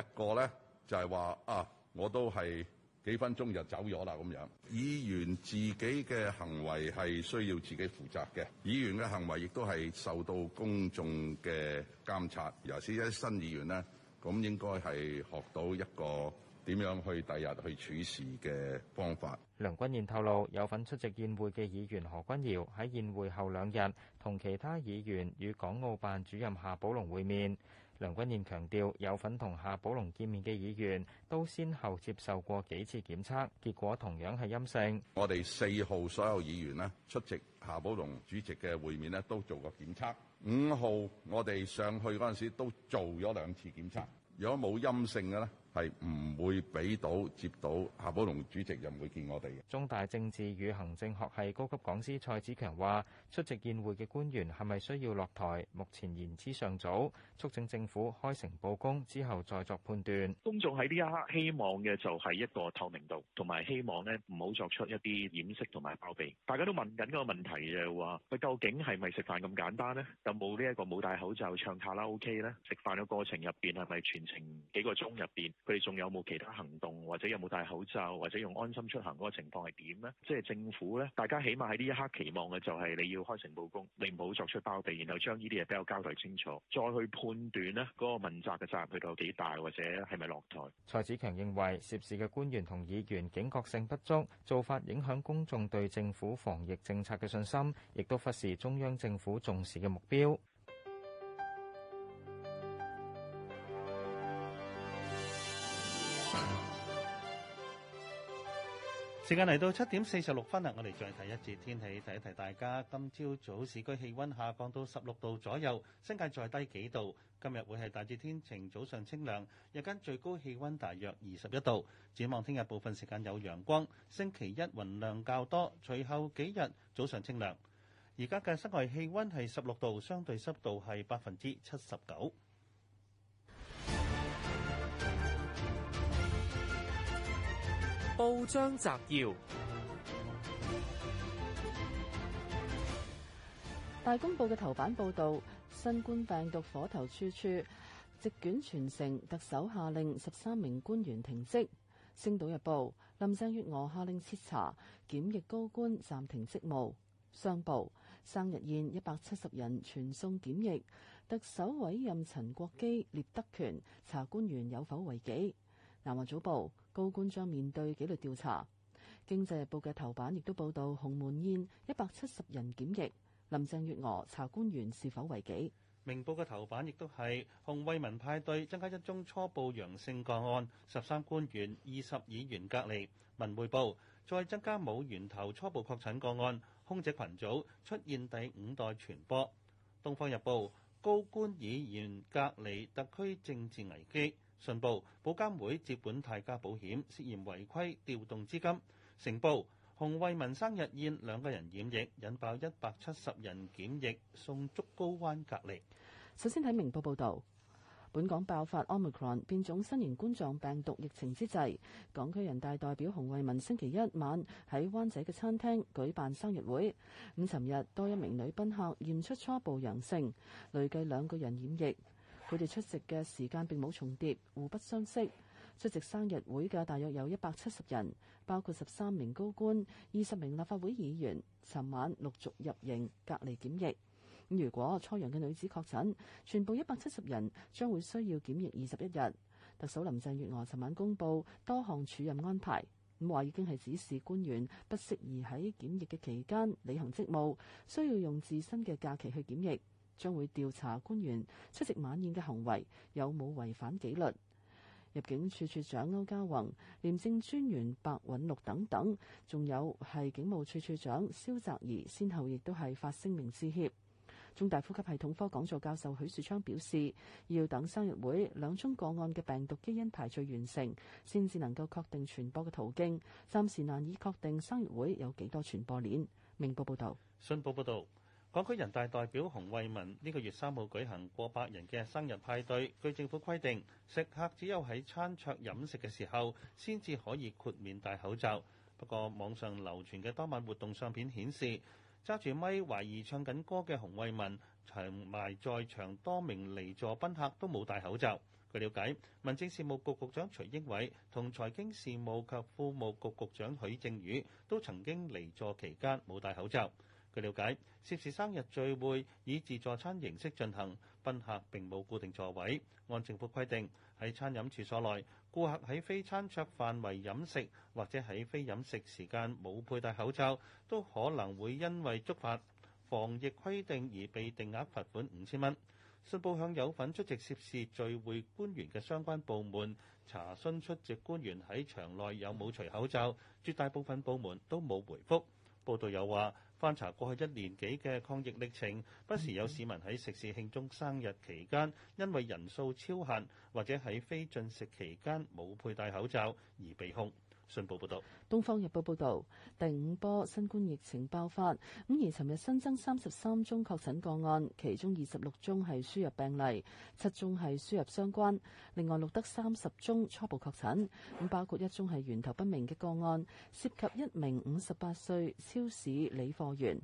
一個咧就係、是、話啊，我都係幾分鐘就走咗啦咁樣。議員自己嘅行為係需要自己負責嘅，議員嘅行為亦都係受到公眾嘅監察，尤其是新議員咧，咁應該係學到一個點樣去第日去處事嘅方法？梁君彥透露，有份出席宴會嘅議員何君堯喺宴會後兩日，同其他議員與港澳辦主任夏寶龍會面。梁君彥強調，有份同夏寶龍見面嘅議員都先後接受過幾次檢測，結果同樣係陰性。我哋四號所有議員呢，出席夏寶龍主席嘅會面呢，都做過檢測。五號我哋上去嗰陣時都做咗兩次檢測，如果冇陰性嘅呢？係唔會俾到接到夏寶龍主席又唔會見我哋嘅。中大政治與行政學系高級講師蔡子強話：出席宴會嘅官員係咪需要落台？目前言之尚早，促請政府開誠布公之後再作判斷。公眾喺呢一刻希望嘅就係一個透明度，同埋希望呢唔好作出一啲掩飾同埋包庇。大家都問緊嗰個問題就係話：「佢究竟係咪食飯咁簡單呢？就有冇呢一個冇戴口罩唱卡拉 OK 呢？食飯嘅過程入面係咪全程幾個鐘入面？」佢哋仲有冇其他行動，或者有冇戴口罩，或者用安心出行嗰個情況係點呢？即係政府咧，大家起碼喺呢一刻期望嘅就係你要開誠布公，你唔好作出包庇，然後將呢啲嘢俾我交代清楚，再去判斷呢嗰個問責嘅責任佢到幾大，或者係咪落台？蔡子強認為涉事嘅官員同議員警覺性不足，做法影響公眾對政府防疫政策嘅信心，亦都忽視中央政府重視嘅目標。時間嚟到七點四十六分啦，我哋再睇一節天氣，睇一睇大家。今朝早市區氣温下降到十六度左右，新界再低幾度。今日會係大致天晴，早上清涼，日間最高氣温大約二十一度。展望聽日部分時間有陽光，星期一雲量較多，隨後幾日早上清涼。而家嘅室外氣温係十六度，相對濕度係百分之七十九。報章摘要：大公報嘅頭版報道：新冠病毒火頭處處，席捲全城。特首下令十三名官員停職。星島日報：林鄭月娥下令徹查檢疫高官，暫停職務。商報：生日宴一百七十人全送檢疫。特首委任陳國基、聶德權查官員有否違紀。南華早報。高官將面對紀律調查。經濟日報嘅頭版亦都報道鴻門宴一百七十人檢疫。林鄭月娥查官員是否違紀。明報嘅頭版亦都係洪為民派對增加一宗初步陽性個案，十三官員、二十議員隔離。文匯報再增加冇源頭初步確診個案，空姐群組出現第五代傳播。東方日報高官議員隔離特區政治危機。信報，保監會接本泰嘉保險涉嫌違規調動資金，成報，洪為民生日宴兩個人染疫，引爆一百七十人檢疫，送竹篙灣隔離。首先睇明報報導，本港爆發奧密克戎變種新型冠狀病毒疫情之際，港區人大代表洪為民星期一晚喺灣仔嘅餐廳舉辦生日會。咁尋日多一名女賓客驗出初步陽性，累計兩個人染疫。佢哋出席嘅時間並冇重疊，互不相識。出席生日會嘅大約有一百七十人，包括十三名高官、二十名立法會議員。尋晚陸續入營隔離檢疫。如果初陽嘅女子確診，全部一百七十人將會需要檢疫二十一日。特首林鄭月娥尋晚公布多項處任安排，咁話已經係指示官員不適宜喺檢疫嘅期間履行職務，需要用自身嘅假期去檢疫。將會調查官員出席晚宴嘅行為有冇違反紀律。入境處處長歐家宏、廉政專員白允祿等等，仲有係警務處處長蕭澤頤，先後亦都係發聲明致歉。中大呼吸系統科講座教授許樹昌表示，要等生日會兩宗個案嘅病毒基因排序完成，先至能夠確定傳播嘅途徑。暫時難以確定生日會有幾多傳播鏈。明報報道，信報報道。港區人大代表洪為民呢、這個月三號舉行過百人嘅生日派對，據政府規定，食客只有喺餐桌飲食嘅時候先至可以豁免戴口罩。不過網上流傳嘅當晚活動相片顯示，揸住咪懷疑唱緊歌嘅洪為民，同埋在場多名離座賓客都冇戴口罩。據了解，民政事務局局長徐英偉同財經事務及庫務局局長許正宇都曾經離座期間冇戴口罩。據了解，涉事生日聚會以自助餐形式進行，賓客並冇固定座位。按政府規定，喺餐飲處所內，顧客喺非餐桌範圍飲食或者喺非飲食時間冇佩戴口罩，都可能會因為觸犯防疫規定而被定額罰款五千蚊。信報向有份出席涉事聚會官員嘅相關部門查詢，出席官員喺場內有冇除口罩，絕大部分部門都冇回覆。報道有話。翻查過去一年幾嘅抗疫歷程，不時有市民喺食肆慶祝生日期間，因為人數超限，或者喺非進食期間冇佩戴口罩而被控。信報報道：《東方日報》報道，第五波新冠疫情爆發。咁而尋日新增三十三宗確診個案，其中二十六宗係輸入病例，七宗係輸入相關，另外錄得三十宗初步確診。咁包括一宗係源頭不明嘅個案，涉及一名五十八歲超市理貨員。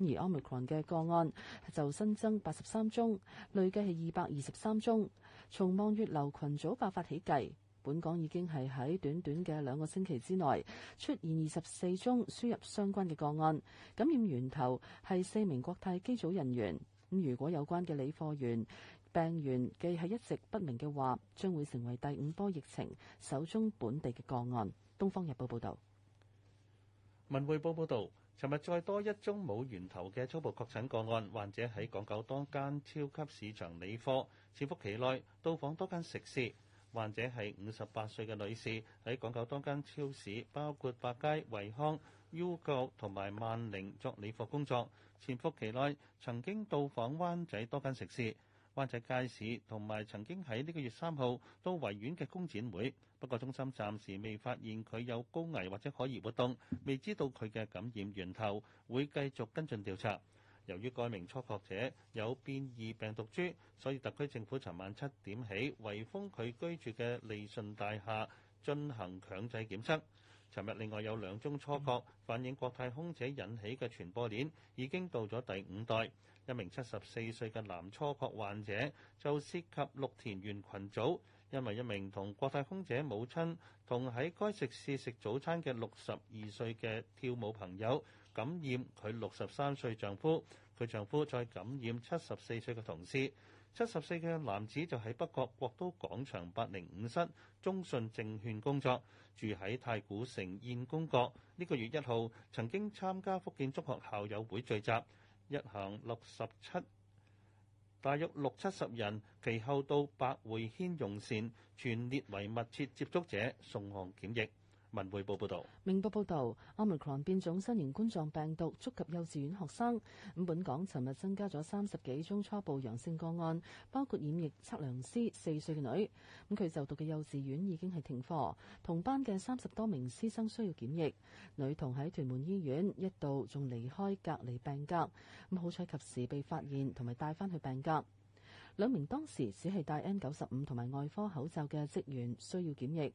而 Omicron 嘅個案就新增八十三宗，累計係二百二十三宗，從望月樓群組爆發起計。本港已經係喺短短嘅兩個星期之內出現二十四宗輸入相關嘅個案，感染源頭係四名國泰機組人員。咁如果有關嘅理貨員病源既係一直不明嘅話，將會成為第五波疫情首宗本地嘅個案。《東方日報》報道。文匯報報道，尋日再多一宗冇源頭嘅初步確診個案，患者喺港九多間超級市場理貨，潛伏期內到訪多間食肆。患者係五十八歲嘅女士，喺港九多間超市，包括百佳、惠康、U 購同埋萬寧作理貨工作。潛伏期內曾經到訪灣仔多間食肆、灣仔街市，同埋曾經喺呢個月三號到維園嘅工展會。不過中心暫時未發現佢有高危或者可疑活動，未知道佢嘅感染源頭，會繼續跟進調查。由於該名初確者有變異病毒株，所以特區政府尋晚七點起圍封佢居住嘅利順大廈進行強制檢測。尋日另外有兩宗初確，反映國泰空姐引起嘅傳播鏈已經到咗第五代。一名七十四歲嘅男初確患者就涉及綠田園群組，因為一名同國泰空姐母親同喺該食肆食早餐嘅六十二歲嘅跳舞朋友。感染佢六十三歲丈夫，佢丈夫再感染七十四歲嘅同事。七十四嘅男子就喺北角國都廣場八零五室中信證券工作，住喺太古城燕公閣。呢、這個月一號曾經參加福建中學校友會聚集，一行六十七大約六七十人，其後到百匯軒用膳，全列為密切接觸者，送行檢疫。文匯報報道，明報報道，Omicron 變種新型冠狀病毒觸及幼稚園學生。咁，本港尋日增加咗三十幾宗初步陽性個案，包括染疫測量師四歲嘅女。咁佢就讀嘅幼稚園已經係停課，同班嘅三十多名師生需要檢疫。女童喺屯門醫院一度仲離開隔離病格，咁好彩及時被發現同埋帶翻去病格。兩名當時只係戴 N 九十五同埋外科口罩嘅職員需要檢疫。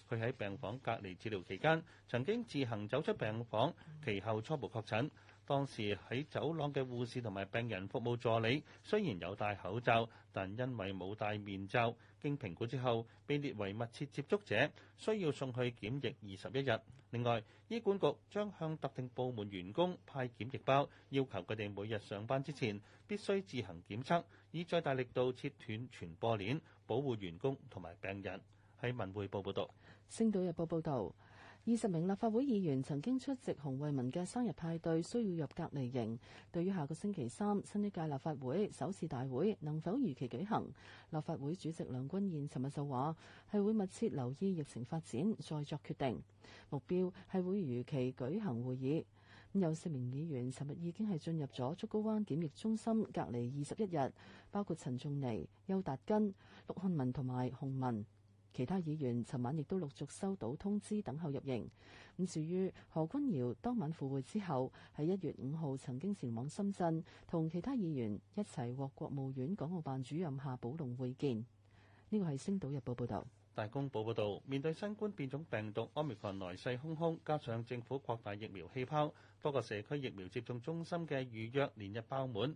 佢喺病房隔離治療期間曾經自行走出病房，其後初步確診。當時喺走廊嘅護士同埋病人服務助理雖然有戴口罩，但因為冇戴面罩，經評估之後被列為密切接觸者，需要送去檢疫二十一日。另外，醫管局將向特定部門員工派檢疫包，要求佢哋每日上班之前必須自行檢測，以最大力度切斷傳播鏈，保護員工同埋病人。喺文匯報報道。星島日報報導，二十名立法會議員曾經出席洪為民嘅生日派對，需要入隔離營。對於下個星期三新一屆立法會首次大會能否如期舉行，立法會主席梁君彥尋日就話：係會密切留意疫情發展，再作決定。目標係會如期舉行會議。有四名議員尋日已經係進入咗竹篙灣檢疫中心隔離二十一日，包括陳仲尼、邱達根、陸瀚民同埋洪為民。其他議員尋晚亦都陸續收到通知，等候入營。咁至於何君堯，當晚赴會之後，喺一月五號曾經前往深圳，同其他議員一齊獲國務院港澳辦主任夏寶龍會見。呢個係《星島日報》報道。大公報報道，面對新冠變種病毒 Omicron 來勢洶洶，加上政府擴大疫苗氣泡，多個社區疫苗接種中心嘅預約連日爆滿。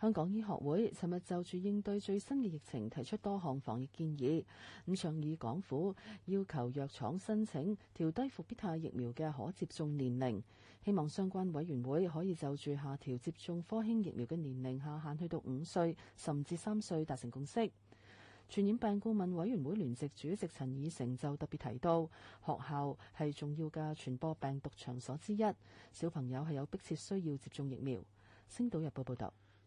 香港醫學會尋日就住應對最新嘅疫情，提出多項防疫建議，咁，倡議港府要求藥廠申請調低復必泰疫苗嘅可接種年齡，希望相關委員會可以就住下調接種科興疫苗嘅年齡下限去到五歲甚至三歲達成共識。傳染病顧問委員會聯席主席陳以誠就特別提到，學校係重要嘅傳播病毒場所之一，小朋友係有迫切需要接種疫苗。星島日報報道。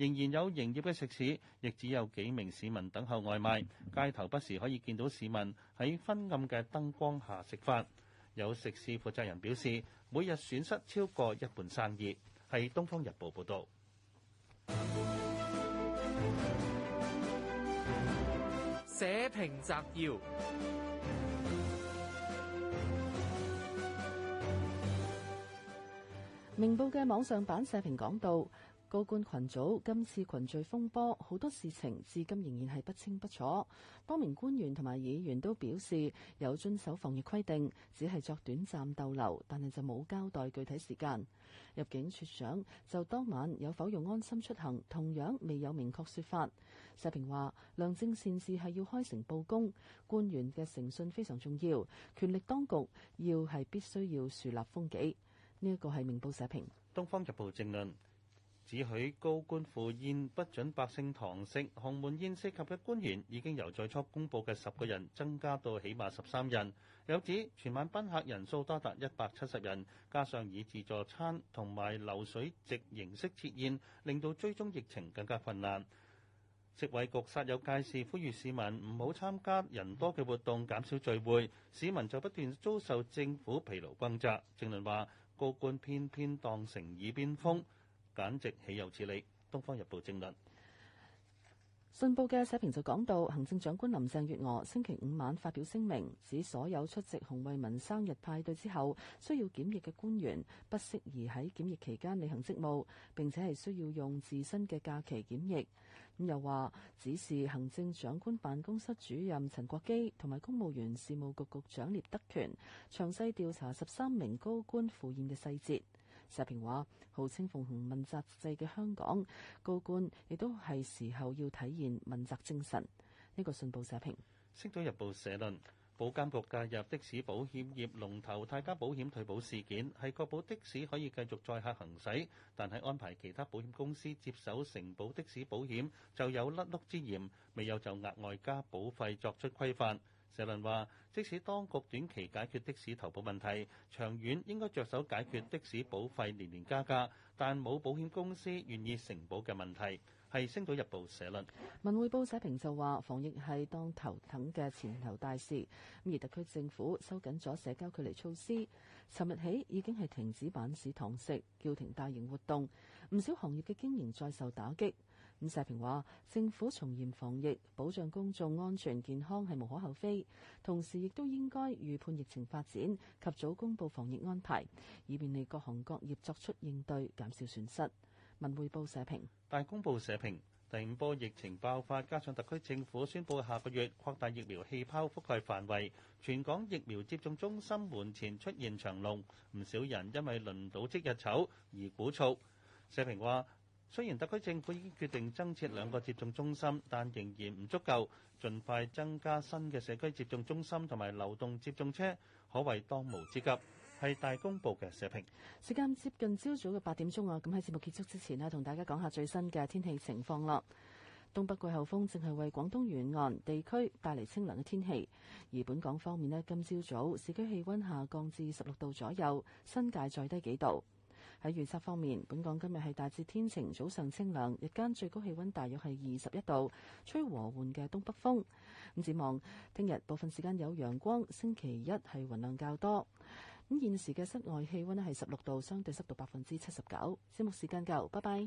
仍然有營業嘅食肆，亦只有幾名市民等候外賣。街頭不時可以見到市民喺昏暗嘅燈光下食飯。有食肆負責人表示，每日損失超過一半生意。係《東方日報》報導。社評摘要：明報嘅網上版社評講到。高官群組今次群聚風波，好多事情至今仍然係不清不楚。多名官員同埋議員都表示有遵守防疫規定，只係作短暫逗留，但係就冇交代具體時間。入境處長就當晚有否用安心出行，同樣未有明確説法。社評話：良政善治係要開誠布公，官員嘅誠信非常重要，權力當局要係必須要樹立風紀。呢、這、一個係明報社評，《東方日報政論》政論。只許高官赴宴，不准百姓堂食。洪門宴涉及嘅官員已經由最初公佈嘅十個人增加到起碼十三人。有指全晚賓客人數多達一百七十人，加上以自助餐同埋流水席形式設宴，令到追蹤疫情更加困難。食衞局煞有介事，呼籲市民唔好參加人多嘅活動，減少聚會。市民就不斷遭受政府疲勞轟炸。評論話：高官偏偏當成耳邊風。簡直豈有此理！《東方日報》正論、信報嘅社評就講到，行政長官林鄭月娥星期五晚發表聲明，指所有出席洪慧民生日派對之後需要檢疫嘅官員，不適宜喺檢疫期間履行職務，並且係需要用自身嘅假期檢疫。咁又話指示行政長官辦公室主任陳國基同埋公務員事務局局長聶德權，詳細調查十三名高官赴宴嘅細節。社評話：號稱奉行問責制嘅香港高官，亦都係時候要體現問責精神。呢、這個信報社評，星島日報社論，保監局介入的士保險業龍頭泰加保險退保事件，係確保的士可以繼續載客行駛，但係安排其他保險公司接手承保的士保險就有甩碌之嫌，未有就額外加保費作出規範。社論話，即使當局短期解決的士投保問題，長遠應該着手解決的士保費年年加價，但冇保險公司願意承保嘅問題。係星島日報社論。文匯報社評就話，防疫係當頭等嘅前頭大事。而特區政府收緊咗社交距離措施，尋日起已經係停止晚市堂食，叫停大型活動，唔少行業嘅經營再受打擊。社評話：政府從嚴防疫，保障公眾安全健康係無可厚非，同時亦都應該預判疫情發展，及早公布防疫安排，以便令各行各業作出應對，減少損失。文匯報社評。大公報社評，第五波疫情爆發，加上特區政府宣布下個月擴大疫苗氣泡覆蓋範圍，全港疫苗接種中心門前出現長龍，唔少人因為輪到即日籌而鼓噪。社評話。雖然特區政府已經決定增設兩個接種中心，但仍然唔足夠，盡快增加新嘅社區接種中心同埋流動接種車，可謂當務之急，係大公報嘅社評。時間接近朝早嘅八點鐘啊，咁喺節目結束之前呢，同大家講下最新嘅天氣情況啦。東北季候風正係為廣東沿岸地區帶嚟清涼嘅天氣，而本港方面呢，今朝早市區氣温下降至十六度左右，新界再低幾度。喺預測方面，本港今日係大致天晴，早上清涼，日間最高氣溫大約係二十一度，吹和緩嘅東北風。咁展望聽日部分時間有陽光，星期一係雲量較多。咁現時嘅室外氣溫係十六度，相對濕度百分之七十九。節目時間夠，拜拜。